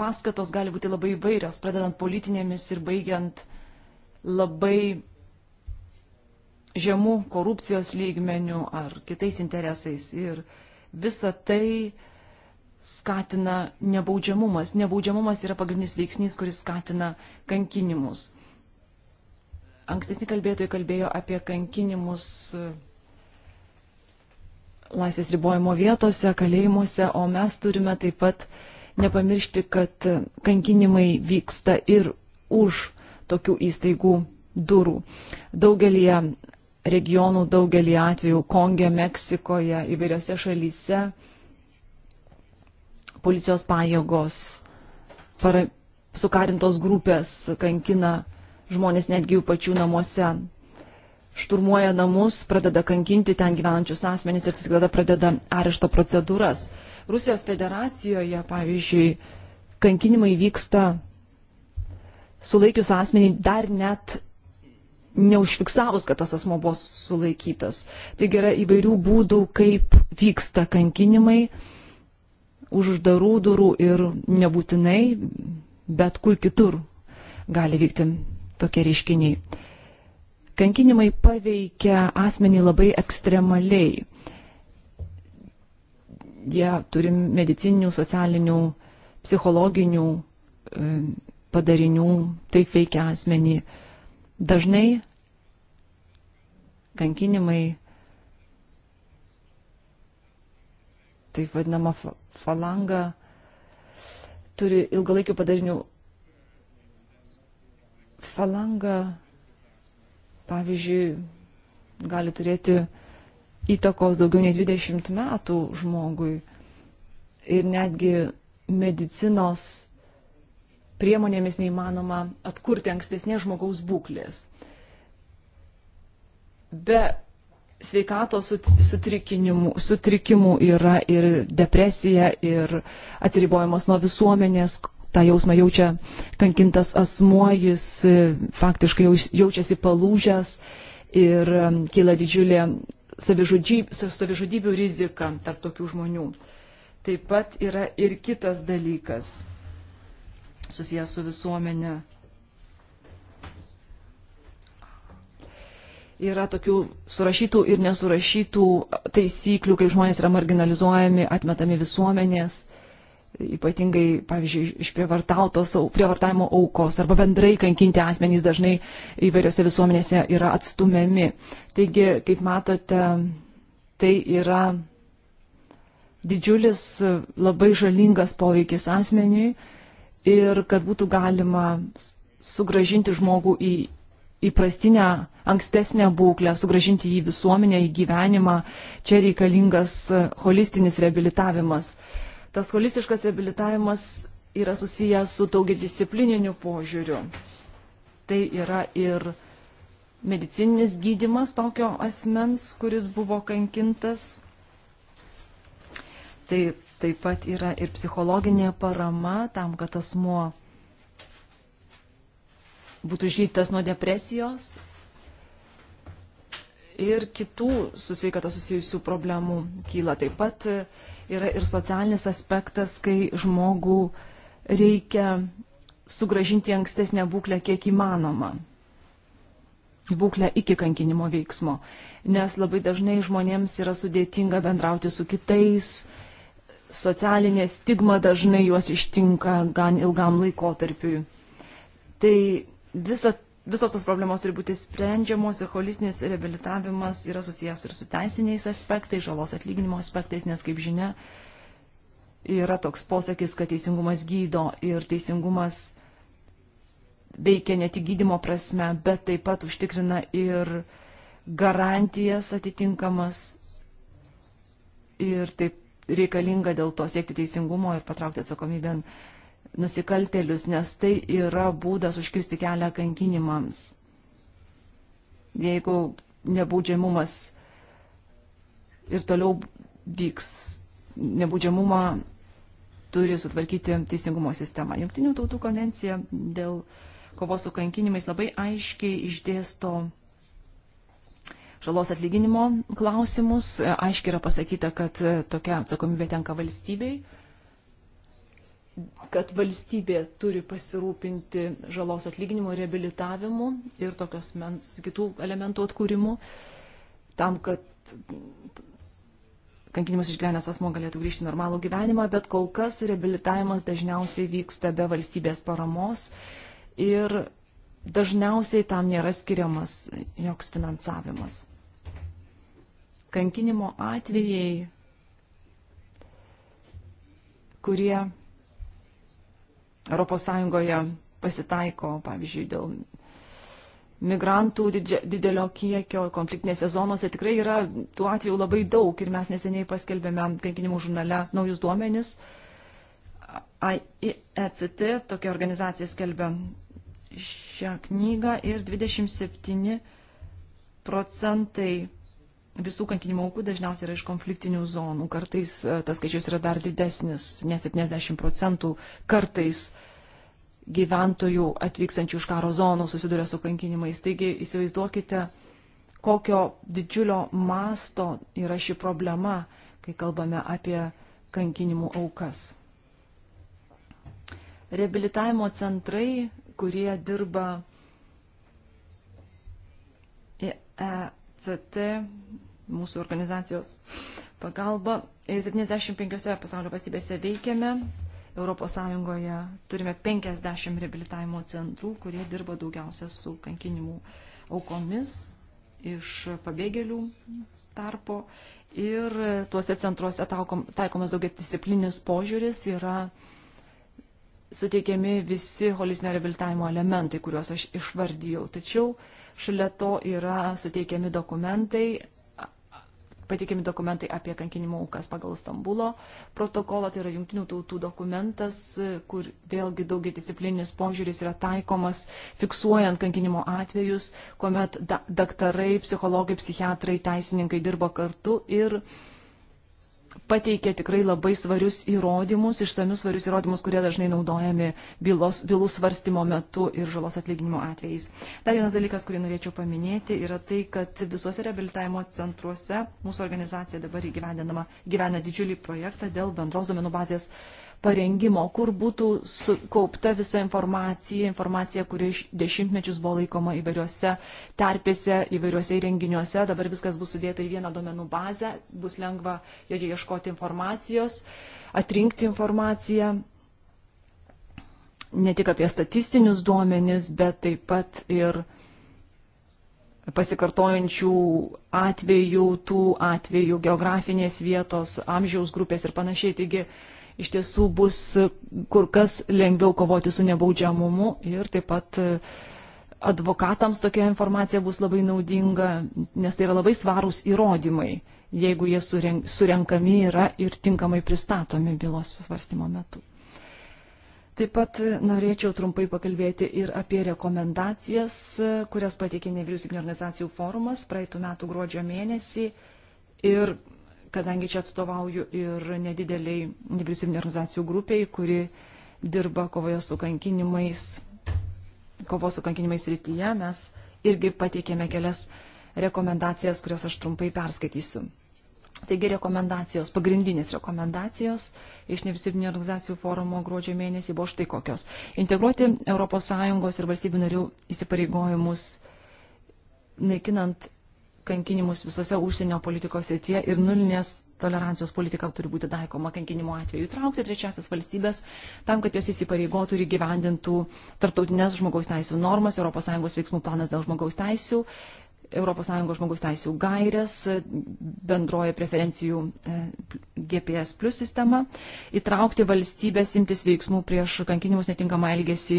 paskatos gali būti labai įvairios, pradedant politinėmis ir baigiant labai žemų korupcijos lygmenių ar kitais interesais. Ir visa tai skatina nebaudžiamumas. Nebaudžiamumas yra pagrindinis veiksnys, kuris skatina kankinimus. Ankstesni kalbėtojai kalbėjo apie kankinimus laisvės ribojimo vietose, kalėjimuose, o mes turime taip pat nepamiršti, kad kankinimai vyksta ir už tokių įstaigų durų. Daugelį regionų daugelį atvejų - Kongė, Meksikoje, įvairiose šalyse policijos pajėgos, para, sukarintos grupės kankina žmonės netgi jų pačių namuose. Šturmuoja namus, pradeda kankinti ten gyvenančius asmenys ir tada pradeda arešto procedūras. Rusijos federacijoje, pavyzdžiui, kankinimai vyksta sulaikius asmenį dar net neužfiksavus, kad tas asmo buvo sulaikytas. Taigi yra įvairių būdų, kaip vyksta kankinimai už uždarų durų ir nebūtinai, bet kur kitur gali vykti tokie reiškiniai. Kankinimai paveikia asmenį labai ekstremaliai. Jie turi medicininių, socialinių, psichologinių padarinių, taip veikia asmenį Dažnai kankinimai, taip vadinama falanga, turi ilgalaikių padarinių. Falanga, pavyzdžiui, gali turėti įtakos daugiau nei 20 metų žmogui ir netgi medicinos priemonėmis neįmanoma atkurti ankstesnės žmogaus būklės. Be sveikatos sutrikimų yra ir depresija, ir atsiribojimas nuo visuomenės, tą jausmą jaučia kankintas asmuo, jis e, faktiškai jaučiasi palūžęs ir e, kyla didžiulė savižudybių rizika tarp tokių žmonių. Taip pat yra ir kitas dalykas susijęs su visuomenė. Yra tokių surašytų ir nesurašytų taisyklių, kaip žmonės yra marginalizuojami, atmetami visuomenės, ypatingai, pavyzdžiui, išprievartautos, prievartavimo aukos arba bendrai kankinti asmenys dažnai įvairiose visuomenėse yra atstumiami. Taigi, kaip matote, tai yra didžiulis labai žalingas poveikis asmeniui ir kad būtų galima sugražinti žmogų į įprastinę, ankstesnę būklę, sugražinti į visuomenę, į gyvenimą. Čia reikalingas e, holistinis reabilitavimas. Tas holistiškas reabilitavimas yra susijęs su daugiadisciplininiu požiūriu. Tai yra ir medicininis gydimas tokio asmens, kuris buvo kankintas. Tai Taip pat yra ir psichologinė parama tam, kad asmuo būtų išgydytas nuo depresijos ir kitų susveikata susijusių problemų kyla. Taip pat yra ir socialinis aspektas, kai žmogų reikia sugražinti ankstesnę būklę kiek įmanoma būklę iki kankinimo veiksmo, nes labai dažnai žmonėms yra sudėtinga bendrauti su kitais, socialinė stigma dažnai juos ištinka gan ilgam laikotarpiui. Tai visa, visos tos problemos turi būti sprendžiamos ir holistinis reabilitavimas yra susijęs ir su teisiniais aspektais, žalos atlyginimo aspektais, nes kaip žinia, yra toks posakis, kad teisingumas gydo ir teisingumas veikia ne tik gydimo prasme, bet taip pat užtikrina ir garantijas atitinkamas ir taip reikalinga dėl to siekti teisingumo ir patraukti atsakomybę nusikaltelius, nes tai yra būdas užkirsti kelią kankinimams. Jeigu nebaudžiamumas ir toliau vyks, nebaudžiamumą turi sutvarkyti teisingumo sistema. Junktinių tautų konvencija dėl kovos su kankinimais labai aiškiai išdėsto žalos atlyginimo klausimus. Aiškiai yra pasakyta, kad e, tokia atsakomybė tenka valstybei kad valstybė turi pasirūpinti žalos atlyginimo reabilitavimu ir tokios mens kitų elementų atkūrimu, tam, kad kankinimus išgyvenęs asmo galėtų grįžti į normalų gyvenimą, bet kol kas reabilitavimas dažniausiai vyksta be valstybės paramos ir dažniausiai tam nėra skiriamas joks finansavimas. Kankinimo atvejai, kurie ES pasitaiko, pavyzdžiui, dėl migrantų didelio kiekio konfliktinėse zonose, tikrai yra tų atvejų labai daug ir mes neseniai paskelbėme kankinimų žurnale naujus duomenis. IECT, tokia organizacija skelbia šią knygą ir 27 procentai visų kankinimo aukų dažniausiai yra iš konfliktinių zonų. Kartais e, tas skaičius yra dar didesnis, net 70 procentų kartais gyventojų atvykstančių iš karo zonų susiduria su kankinimais. Taigi įsivaizduokite, kokio didžiulio masto yra ši problema, kai kalbame apie kankinimų aukas. Reabilitavimo centrai kurie dirba ECT, mūsų organizacijos pagalba. 75 pasaulio valstybėse veikiame. Europos Sąjungoje turime 50 reabilitavimo centrų, kurie dirba daugiausia su kankinimų aukomis iš pabėgėlių tarpo. Ir tuose centruose taikomas daugia disciplinis požiūris yra uh, suteikiami visi holistinio reabilitavimo elementai, kuriuos aš išvardijau. Tačiau šalia to yra suteikiami dokumentai, pateikiami dokumentai apie kankinimo aukas pagal Stambulo protokolą, tai yra jungtinių tautų dokumentas, kur vėlgi daugia disciplininis požiūris yra taikomas, fiksuojant kankinimo atvejus, kuomet da daktarai, psichologai, psichiatrai, teisininkai dirba kartu ir uh, pateikė tikrai labai svarius įrodymus, išsamius svarius įrodymus, kurie dažnai naudojami bylos, bylų svarstymo metu ir žalos atlyginimo atvejais. Dar vienas dalykas, kurį norėčiau paminėti, yra tai, kad visuose reabilitavimo centruose mūsų organizacija dabar įgyvendina didžiulį projektą dėl bendros duomenų bazės parengimo, kur būtų sukaupta visa informacija, informacija, kuri dešimtmečius buvo laikoma įvairiuose tarpėse, įvairiuose įrenginiuose, dabar viskas bus sudėta į vieną domenų bazę, bus lengva joje ieškoti informacijos, atrinkti informaciją ne tik apie statistinius duomenis, bet taip pat ir pasikartojančių atvejų, tų atvejų geografinės vietos, amžiaus grupės ir panašiai. Taigi iš tiesų bus kur kas lengviau kovoti su nebaudžiamumu ir taip pat e, advokatams tokia informacija bus labai naudinga, nes tai yra labai svarūs įrodymai, jeigu jie surenkami yra ir tinkamai pristatomi bylos svarstymo metu. Taip pat e, norėčiau trumpai pakalbėti ir apie rekomendacijas, e, kurias pateikė nevyriausybinio organizacijų forumas praeitų metų gruodžio mėnesį. Ir kadangi čia atstovauju ir nedideliai nevyriausybinio organizacijų grupiai, kuri dirba kovoje su kankinimais, kovos su kankinimais rytyje, mes irgi pateikėme kelias rekomendacijas, kurias aš trumpai perskaitysiu. Taigi rekomendacijos, pagrindinės rekomendacijos iš nevisybinio organizacijų forumo gruodžio mėnesį buvo štai kokios. Integruoti ES ir valstybių narių įsipareigojimus, naikinant kankinimus visose užsienio politikos srityje ir nulinės tolerancijos politika turi būti taikoma kankinimo atveju. Įtraukti trečiasis valstybės tam, kad jos įsipareigotų ir gyvendintų tarptautinės žmogaus teisų normas, ES veiksmų planas dėl žmogaus teisų, ES žmogaus teisų gairės, bendroje preferencijų e, GPS plus sistema, įtraukti valstybės imtis veiksmų prieš kankinimus netinkamą elgesį,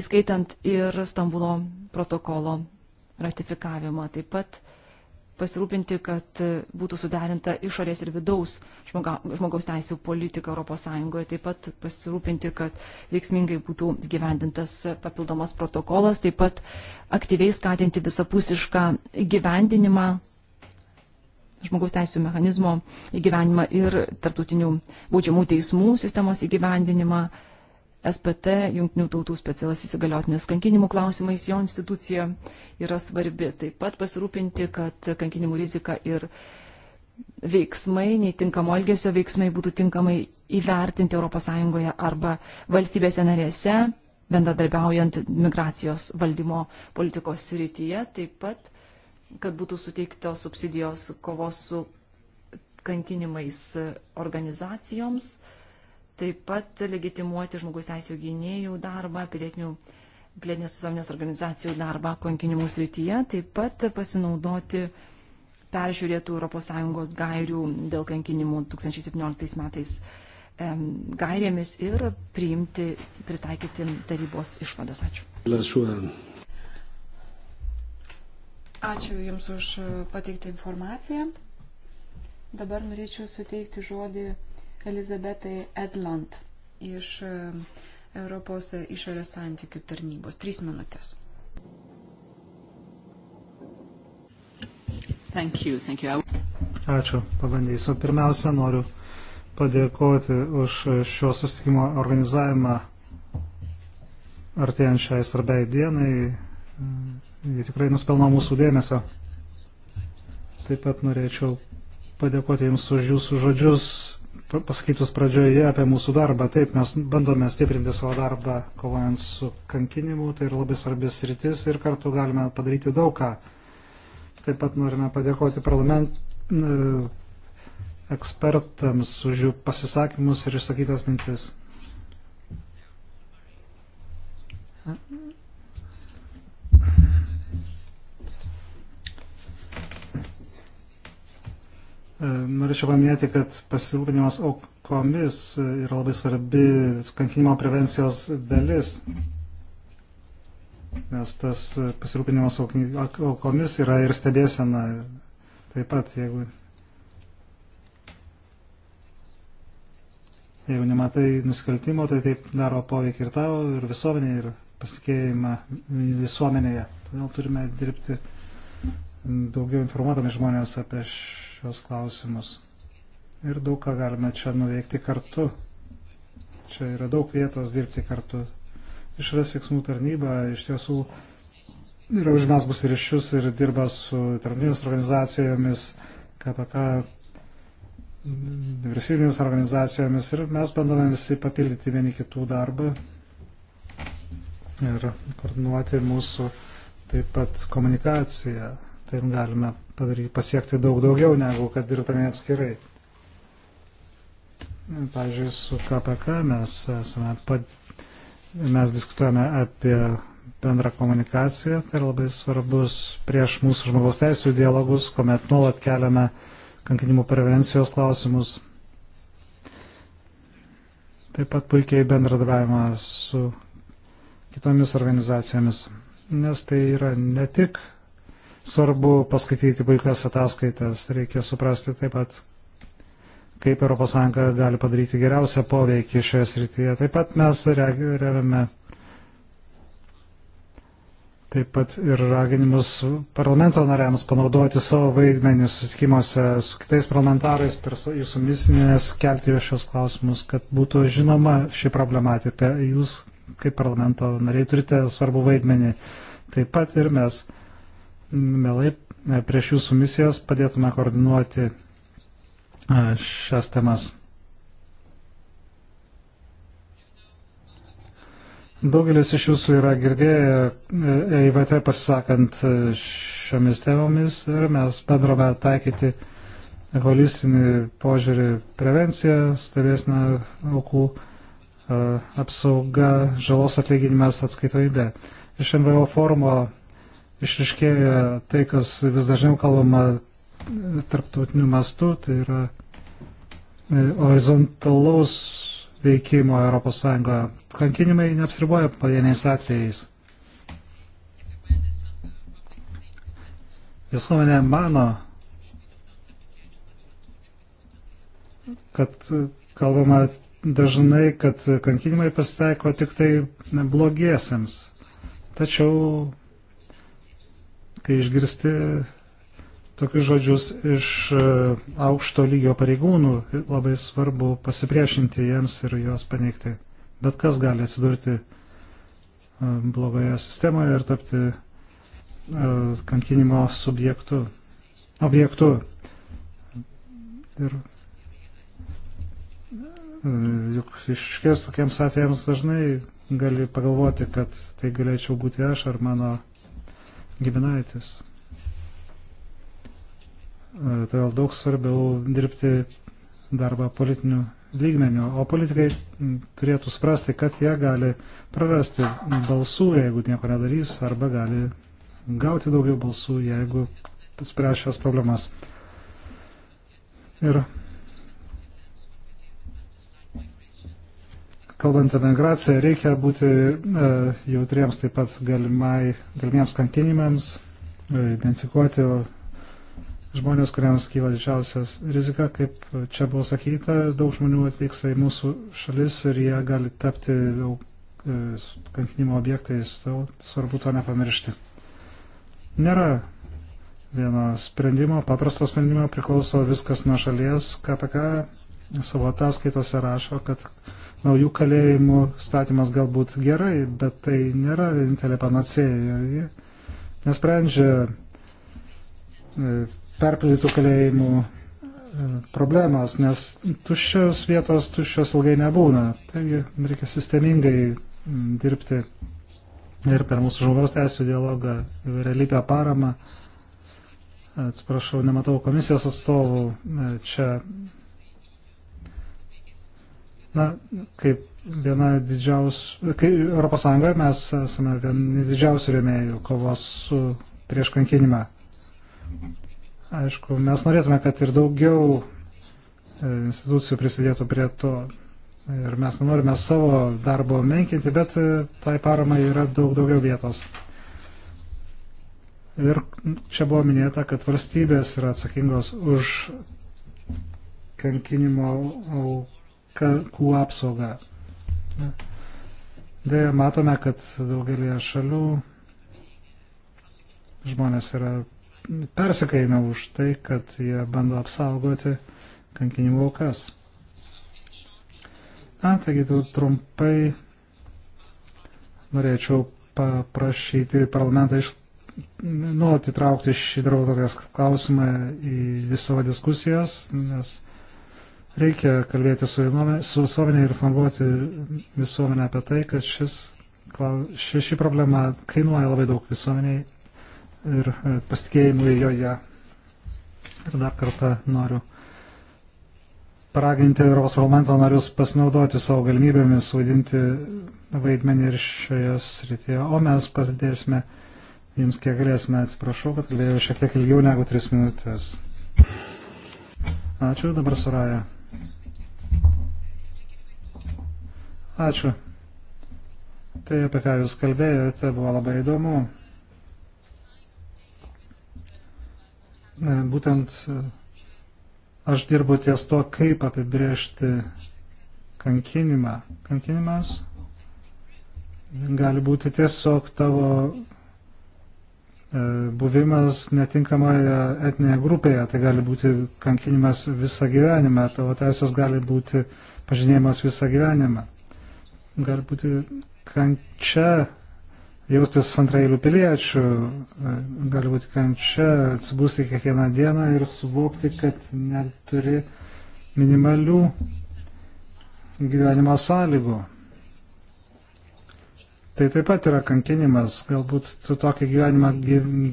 įskaitant ir Stambulo protokolo ratifikavimą. Taip pat pasirūpinti, kad būtų suderinta išorės ir vidaus žmoga, žmogaus teisų politika ES, taip pat pasirūpinti, kad veiksmingai būtų gyvendintas papildomas protokolas, taip pat aktyviai skatinti visapusišką gyvendinimą žmogaus teisų mechanizmo įgyvenimą ir tarptautinių baudžiamų teismų sistemos įgyvendinimą, SPT, Junktinių tautų specialas įsigaliotinis kankinimų klausimais, jo institucija yra svarbi. Taip pat pasirūpinti, kad kankinimų rizika ir veiksmai, netinkamo elgesio veiksmai būtų tinkamai įvertinti ES arba valstybėse narėse, bendradarbiaujant migracijos valdymo politikos srityje. Taip pat, kad būtų suteiktos subsidijos kovos su kankinimais organizacijoms taip pat legitimuoti žmogus teisų gynėjų darbą, pilietinių pilietinės visuomenės organizacijų darbą kankinimų srityje, taip pat pasinaudoti peržiūrėtų ES gairių dėl kankinimų 2017 metais gairėmis ir priimti, pritaikyti tarybos išvadas. Ačiū. Ačiū Jums už pateiktą informaciją. Dabar norėčiau suteikti žodį Elizabetai Edland iš e, Europos išorės santykių tarnybos. Trys minutės. Thank you, thank you. Ačiū, pabandysiu. Pirmiausia, noriu padėkoti už šio susitikimo organizavimą artėjant šiai svarbiai dienai. Jie tikrai nuspelno mūsų dėmesio. Taip pat norėčiau padėkoti Jums už Jūsų žodžius pasakytus pradžioje apie mūsų darbą. Taip, mes bandome stiprinti savo darbą kovojant su kankinimu, tai yra labai svarbis rytis ir kartu galime padaryti daug ką. Taip pat norime padėkoti parlament e, ekspertams už jų pasisakymus ir išsakytas mintis. E, norėčiau paminėti, kad pasirūpinimas aukomis yra labai svarbi kankinimo prevencijos dalis, nes tas pasirūpinimas aukomis yra ir stebėsena. Taip pat, jeigu, jeigu nematai nusikaltimo, tai taip daro poveikį ir tavo, ir visuomenėje, ir pasitikėjimą visuomenėje. Todėl turime dirbti daugiau informuodami žmonės apie šios klausimus. Ir daug ką galime čia nuveikti kartu. Čia yra daug vietos dirbti kartu. Išras veiksmų tarnyba iš tiesų yra užmesgus ryšius ir dirba su tarnybos organizacijomis, KPK, vyriausybinėmis organizacijomis ir mes bandome visi papildyti vieni kitų darbą ir koordinuoti mūsų taip pat komunikaciją tai galime padaryti, pasiekti daug daugiau, negu kad dirbtame atskirai. Pavyzdžiui, su KPK mes, esame, pad... mes diskutuojame apie bendrą komunikaciją, tai yra labai svarbus prieš mūsų žmogaus teisų dialogus, kuomet nuolat keliame kankinimų prevencijos klausimus. Taip pat puikiai bendradarbiavimą su kitomis organizacijomis, nes tai yra ne tik Svarbu paskaityti puikias ataskaitas, reikia suprasti taip pat, kaip ES gali padaryti geriausią poveikį šioje srityje. Taip pat mes remiame taip pat ir raginimus parlamento nariams panaudoti savo vaidmenį susitikimuose su kitais parlamentarais per jūsų misinės, kelti šios klausimus, kad būtų žinoma ši problematika. Jūs kaip parlamento nariai turite svarbu vaidmenį. Taip pat ir mes mielai e, prieš jūsų misijas padėtume koordinuoti e, šias temas. Daugelis iš jūsų yra girdėję EIVT e pasisakant šiomis temomis ir mes bendrome taikyti holistinį požiūrį prevenciją, stebėsime aukų apsauga, žalos atlyginimas, atskaitomybė. Iš NVO forumo išriškėja tai, kas vis dažniau kalbama tarptautiniu mastu, tai yra e, horizontalaus veikimo ES. Kankinimai neapsiriboja pavieniais atvejais. Visuomenė mano, kad kalbama dažnai, kad kankinimai pasitaiko tik tai blogiesiems. Tačiau kai išgirsti tokius žodžius iš e, aukšto lygio pareigūnų, labai svarbu pasipriešinti jiems ir juos paneigti. Bet kas gali atsidurti e, blogoje sistemoje ir tapti e, kankinimo subjektu, objektu. Ir juk iškės tokiems atvejams dažnai gali pagalvoti, kad tai galėčiau būti aš ar mano giminaitis. E, todėl daug svarbiau dirbti darbą politiniu lygmeniu, o politikai turėtų suprasti, kad jie gali prarasti balsų, jeigu nieko nedarys, arba gali gauti daugiau balsų, jeigu spręs šias problemas. Ir kalbant apie migraciją, reikia būti e, jautriems taip pat galimai, galimiems kankinimams, e, identifikuoti žmonės, kuriems kyla didžiausias rizika, kaip čia buvo sakyta, daug žmonių atvyksta į mūsų šalis ir jie gali tapti jau e, kankinimo objektais, tau svarbu to nepamiršti. Nėra vieno sprendimo, paprasto sprendimo priklauso viskas nuo šalies, KPK savo ataskaitose rašo, kad naujų kalėjimų statymas galbūt gerai, bet tai nėra vienintelė panacėja. Ji nesprendžia e, perpildytų kalėjimų e, problemas, nes tuščios vietos tuščios ilgai nebūna. Taigi reikia sistemingai dirbti ir per mūsų žmogaus teisų dialogą, realybę paramą. Atsiprašau, nematau komisijos atstovų e, čia Na, kaip viena didžiausių, kaip Europos Sąjungoje mes esame vieni didžiausių rėmėjų kovos su prieš kankinimą. Aišku, mes norėtume, kad ir daugiau e, institucijų prisidėtų prie to. Ir mes nenorime savo darbo menkinti, bet e, tai paramai yra daug daugiau vietos. Ir čia buvo minėta, kad valstybės yra atsakingos už kankinimo auką kų apsaugą. Dėja, matome, kad daugelie šalių žmonės yra persikaina už tai, kad jie bando apsaugoti kankinimų aukas. Na, taigi trumpai norėčiau paprašyti parlamentą iš nuolat įtraukti šį draugą klausimą į savo diskusijas, nes Reikia kalbėti su visuomenė ir informuoti visuomenę apie tai, kad šis, ši, ši problema kainuoja labai daug visuomeniai ir e, pasitikėjimui joje. Ir dar kartą noriu paraginti Europos parlamento narius pasinaudoti savo galimybėmis vaidinti vaidmenį ir šioje srityje, o mes pasidėsime jums kiek galėsime. Atsiprašau, kad kalbėjau šiek tiek ilgiau negu tris minutės. Ačiū, dabar Suraja. Ačiū. Tai, apie ką Jūs kalbėjote, buvo labai įdomu. Būtent e, aš dirbu ties to, kaip apibriežti kankinimą. Kankinimas gali būti tiesiog tavo E, buvimas netinkamoje etinėje grupėje, tai gali būti kankinimas visą gyvenimą, tavo teisės gali būti pažinėjimas visą gyvenimą. Gali būti kančia jaustis antrailių piliečių, e, gali būti kančia atsibūsti kiekvieną dieną ir suvokti, kad neturi minimalių gyvenimo sąlygų tai taip pat yra kankinimas. Galbūt tu tokį gyvenimą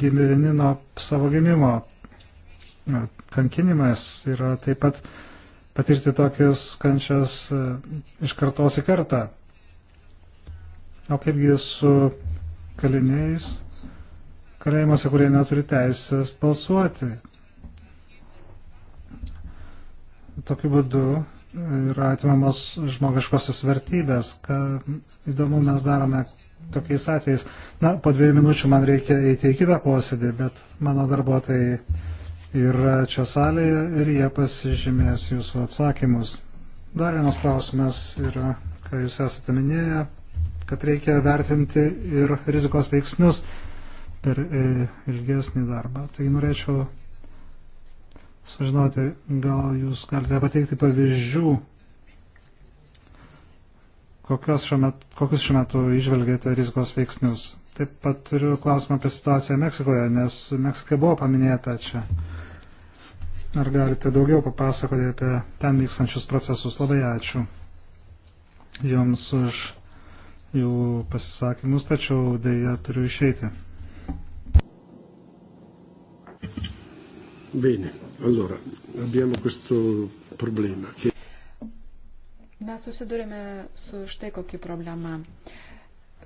gyveni nuo savo gimimo. Kankinimas yra taip pat patirti tokius kančias e, iš kartos į kartą. O kaipgi su kaliniais, kalėjimuose, kurie neturi teisės balsuoti. Tokiu būdu yra atimamos žmogiškosios vertybės. Ką įdomu mes darome tokiais atvejais. Na, po dviejų minučių man reikia eiti į kitą posėdį, bet mano darbuotojai yra čia salėje ir jie pasižymės jūsų atsakymus. Dar vienas klausimas yra, ką jūs esate minėję, kad reikia vertinti ir rizikos veiksnius per e, ilgesnį darbą. Tai norėčiau sužinoti, gal jūs galite pateikti pavyzdžių, šiuo metu, kokius šiuo metu išvelgėte rizikos veiksnius. Taip pat turiu klausimą apie situaciją Meksikoje, nes Meksika buvo paminėta čia. Ar galite daugiau papasakoti apie ten vykstančius procesus? Labai ačiū Jums už jų pasisakymus, tačiau dėja turiu išeiti. Bene. Allora, abbiamo questo problema. Che... Mes susidurime su štai kokia problema.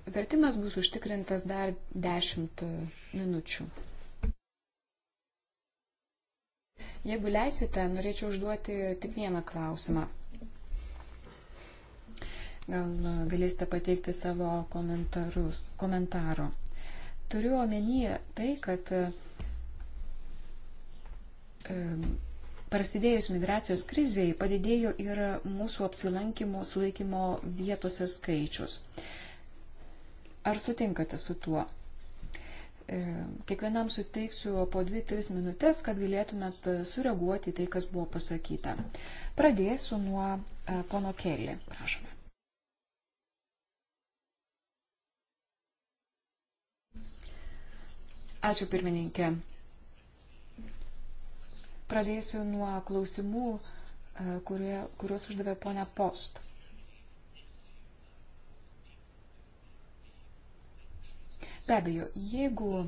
Vertimas bus užtikrintas dar 10 minučių. Jeigu leisite, norėčiau užduoti tik vieną klausimą. Gal galėsite pateikti savo komentarus, komentaro. Turiu omenyje tai, kad Prasidėjus migracijos kriziai padidėjo ir mūsų apsilankimo sulaikymo vietose skaičius. Ar sutinkate su tuo? Kiekvienam suteiksiu po 2-3 minutės, kad galėtumėt sureaguoti tai, kas buvo pasakyta. Pradėsiu nuo e, pono Kelly. Prašome. Ačiū pirmininkė. Pradėsiu nuo klausimų, e, kurie, kuriuos uždavė ponia Post. Be abejo, jeigu e,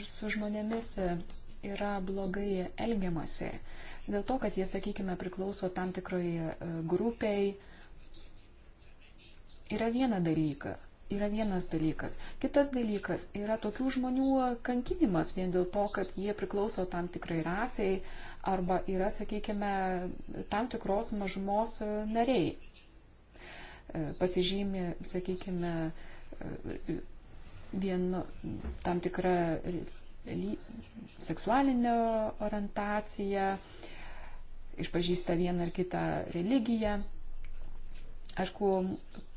su žmonėmis e, yra blogai elgiamasi, dėl to, kad jie, sakykime, priklauso tam tikrai grupiai, yra viena dalyka – yra vienas dalykas. Kitas dalykas yra tokių žmonių kankinimas vien dėl to, kad jie priklauso tam tikrai rasiai arba yra, sakykime, tam tikros mažumos nariai. E, pasižymi, sakykime, e, vien tam tikrą seksualinę orientaciją, išpažįsta vieną ar kitą religiją. Aišku,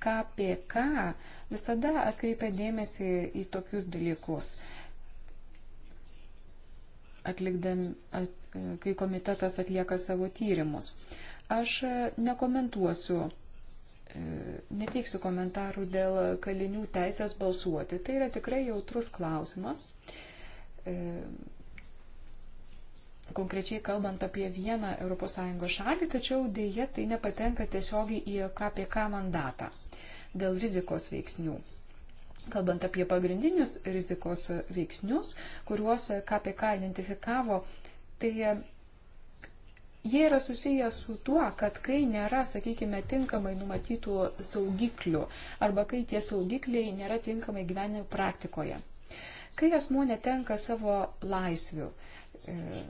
KPK visada atkreipia dėmesį į tokius dalykus. Atlikdam, at, kai komitetas atlieka savo tyrimus. Aš nekomentuosiu e, neteiksiu komentarų dėl kalinių teisės balsuoti. Tai yra tikrai jautrus klausimas. E, konkrečiai kalbant apie vieną ES šalį, tačiau dėje tai nepatenka tiesiogiai į KPK mandatą dėl rizikos veiksnių. Kalbant apie pagrindinius rizikos veiksnius, kuriuos KPK identifikavo, tai e, jie yra susiję su tuo, kad kai nėra, sakykime, tinkamai numatytų saugiklių arba kai tie saugikliai nėra tinkamai gyvenimo praktikoje. Kai asmuo netenka savo laisvių, e,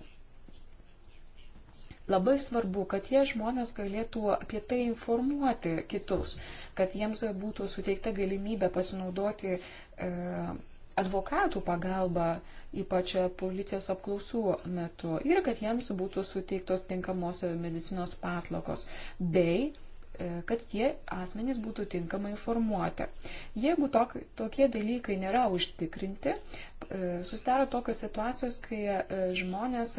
Labai svarbu, kad tie žmonės galėtų apie tai informuoti kitus, kad jiems būtų suteikta galimybė pasinaudoti e, advokatų pagalba, ypač policijos apklausų metu, ir kad jiems būtų suteiktos tinkamos medicinos paslaugos, bei e, kad tie asmenys būtų tinkamai informuoti. Jeigu tok, tokie dalykai nėra užtikrinti, e, susidaro tokios situacijos, kai žmonės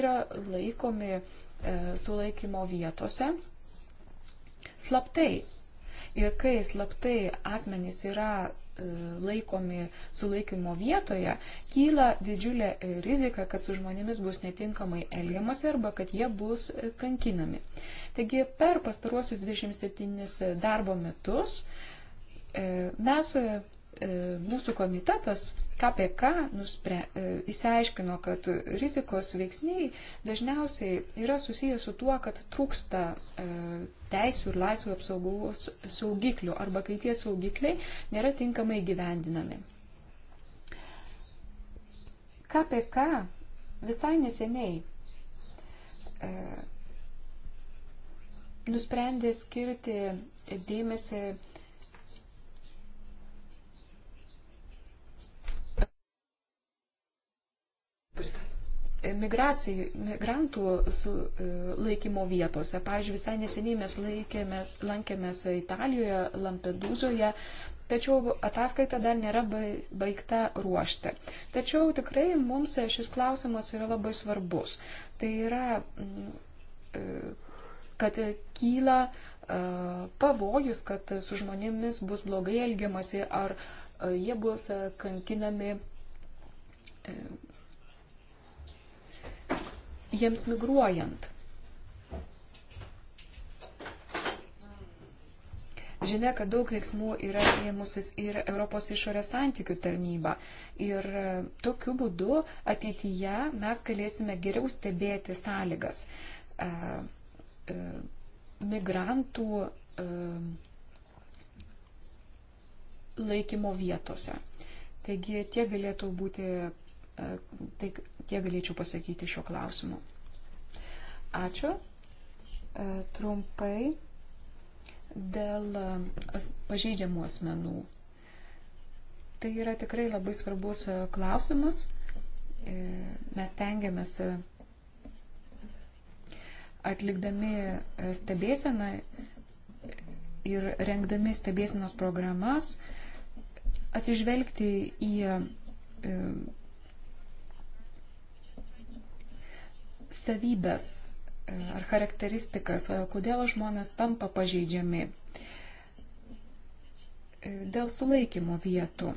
yra laikomi E, sulaikymo vietose slaptai. Ir kai slaptai asmenys yra e, laikomi sulaikymo vietoje, kyla didžiulė rizika, kad su žmonėmis bus netinkamai elgiamasi arba kad jie bus e, kankinami. Taigi per pastaruosius 27 darbo metus mes, mūsų komitetas KPK nuspre, įsiaiškino, kad rizikos veiksniai dažniausiai yra susijęs su tuo, kad trūksta e, teisų ir laisvų apsaugos saugiklių arba kai tie saugikliai nėra tinkamai gyvendinami. KPK visai neseniai e, nusprendė skirti dėmesį e, migrantų su, e, laikymo vietose. Pavyzdžiui, visai neseniai mes laikėmės, lankėmės Italijoje, Lampedūzoje, tačiau ataskaita dar nėra baigta ruošti. Tačiau tikrai mums šis klausimas yra labai svarbus. Tai yra, mm, e, kad kyla e, pavojus, kad su žmonėmis bus blogai elgiamasi ar jie bus kankinami jiems migruojant. Žinia, kad daug veiksmų yra ėmusis ir Europos išorės santykių tarnyba. Ir e, tokiu būdu ateityje mes galėsime geriau stebėti sąlygas e, e, migrantų laikymo vietose. Taigi tie galėtų būti tai Tiek galėčiau pasakyti šiuo klausimu. Ačiū. E, trumpai dėl e, pažeidžiamų asmenų. Tai yra tikrai labai svarbus e, klausimas. Mes tengiamės atlikdami stebėseną ir rengdami stebėsenos programas atsižvelgti į savybės e, ar charakteristikas, kodėl žmonės tampa pažeidžiami e, dėl sulaikymo vietų.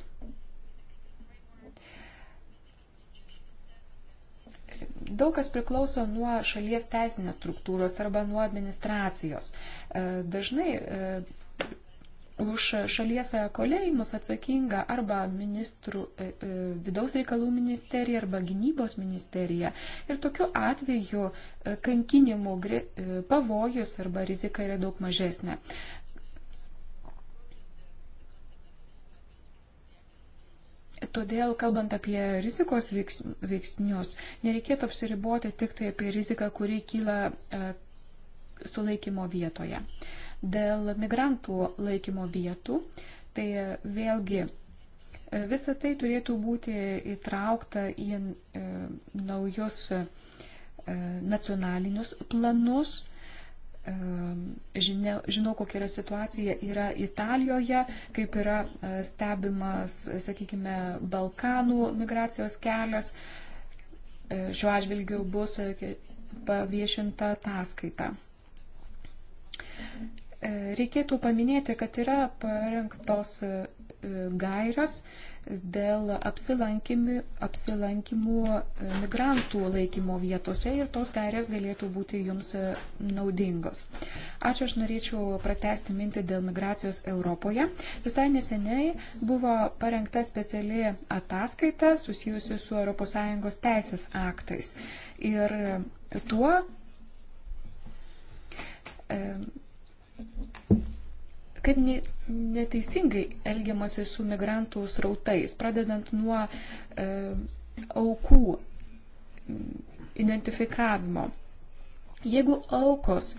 Daug kas priklauso nuo šalies teisinės struktūros arba nuo administracijos. E, dažnai už šalies kalėjimus atsakinga arba ministrų, e, e, vidaus reikalų ministerija arba gynybos ministerija. Ir tokiu atveju e, kankinimų pavojus arba rizika yra daug mažesnė. Todėl, kalbant apie rizikos veiksnius, nereikėtų apsiriboti tik tai apie riziką, kuri kyla sulaikymo vietoje. Dėl migrantų laikymo vietų, tai vėlgi e, visa tai turėtų būti įtraukta į e, naujus e, nacionalinius planus. Žinia, žinau, kokia yra situacija yra Italijoje, kaip yra stebimas, sakykime, Balkanų migracijos kelias. Šiuo atžvilgiu bus paviešinta ataskaita. Reikėtų paminėti, kad yra parengtos e, gairios dėl apsilankimų e, migrantų laikymo vietose ir tos gairės galėtų būti jums e, naudingos. Ačiū, aš norėčiau pratesti mintį dėl migracijos Europoje. Visai neseniai buvo parengta speciali ataskaita susijusi su ES teisės aktais. Ir tuo. E, kaip ne, neteisingai elgiamasi su migrantų srautais, pradedant nuo e, aukų identifikavimo. Jeigu aukos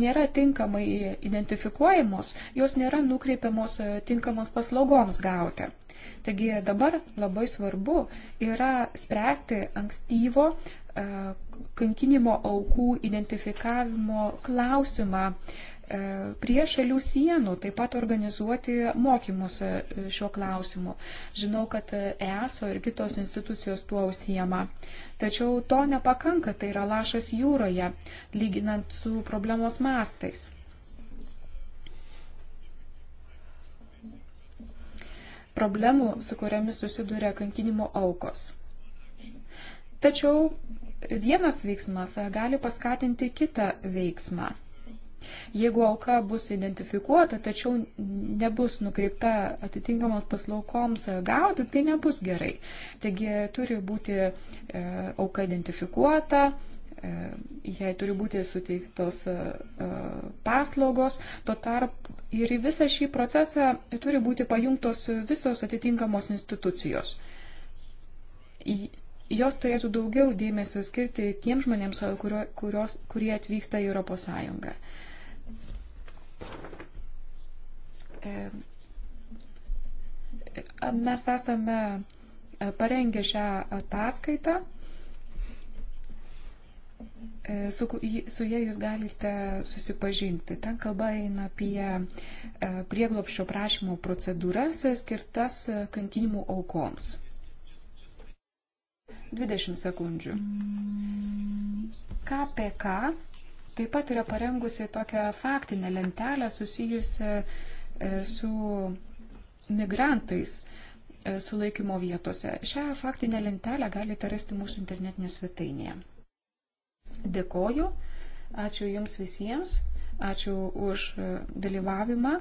nėra tinkamai identifikuojamos, jos nėra nukreipiamos e, tinkamos paslaugoms gauti. Taigi dabar labai svarbu yra spręsti ankstyvo e, kankinimo aukų identifikavimo klausimą. E, E, prie šalių sienų taip pat organizuoti mokymus e, šiuo klausimu. Žinau, kad EASO ir kitos institucijos tuo užsijama. Tačiau to nepakanka, tai yra lašas jūroje, lyginant su problemos mastais. Problemų, su kuriamis susiduria kankinimo aukos. Tačiau vienas veiksmas gali paskatinti kitą veiksmą. Jeigu auka bus identifikuota, tačiau nebus nukreipta atitinkamos paslaukoms gauti, tai nebus gerai. Taigi turi būti e, auka identifikuota, e, jai turi būti suteiktos e, e paslaugos, tuo tarp ir į visą šį procesą turi būti pajungtos visos atitinkamos institucijos. Į, jos turėtų daugiau dėmesio skirti tiem žmonėms, kurio, kurios, kurie atvyksta į ES. E, e, mes esame e, parengę šią ataskaitą. Su, su jie jūs galite susipažinti. Ten kalba eina apie prieglopščio prašymo procedūras skirtas kankinimų aukoms. 20 sekundžių. KPK taip pat yra parengusi tokią faktinę lentelę susijusią E, su migrantais e, sulaikymo vietose. Šią faktinę lentelę galite rasti mūsų internetinėje svetainėje. Dėkoju, ačiū Jums visiems, ačiū už e, dalyvavimą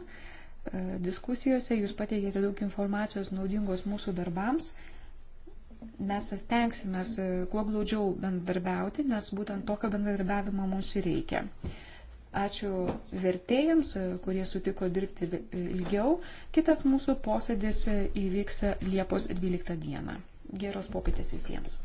diskusijose, Jūs pateikėte daug informacijos naudingos mūsų darbams. Mes stengsimės kuo glaudžiau bendradarbiauti, nes būtent tokio bendradarbiavimo mums ir reikia. Ačiū vertėjams, kurie sutiko dirbti ilgiau. Kitas mūsų posėdis įvyks Liepos 12 dieną. Geros popietės visiems.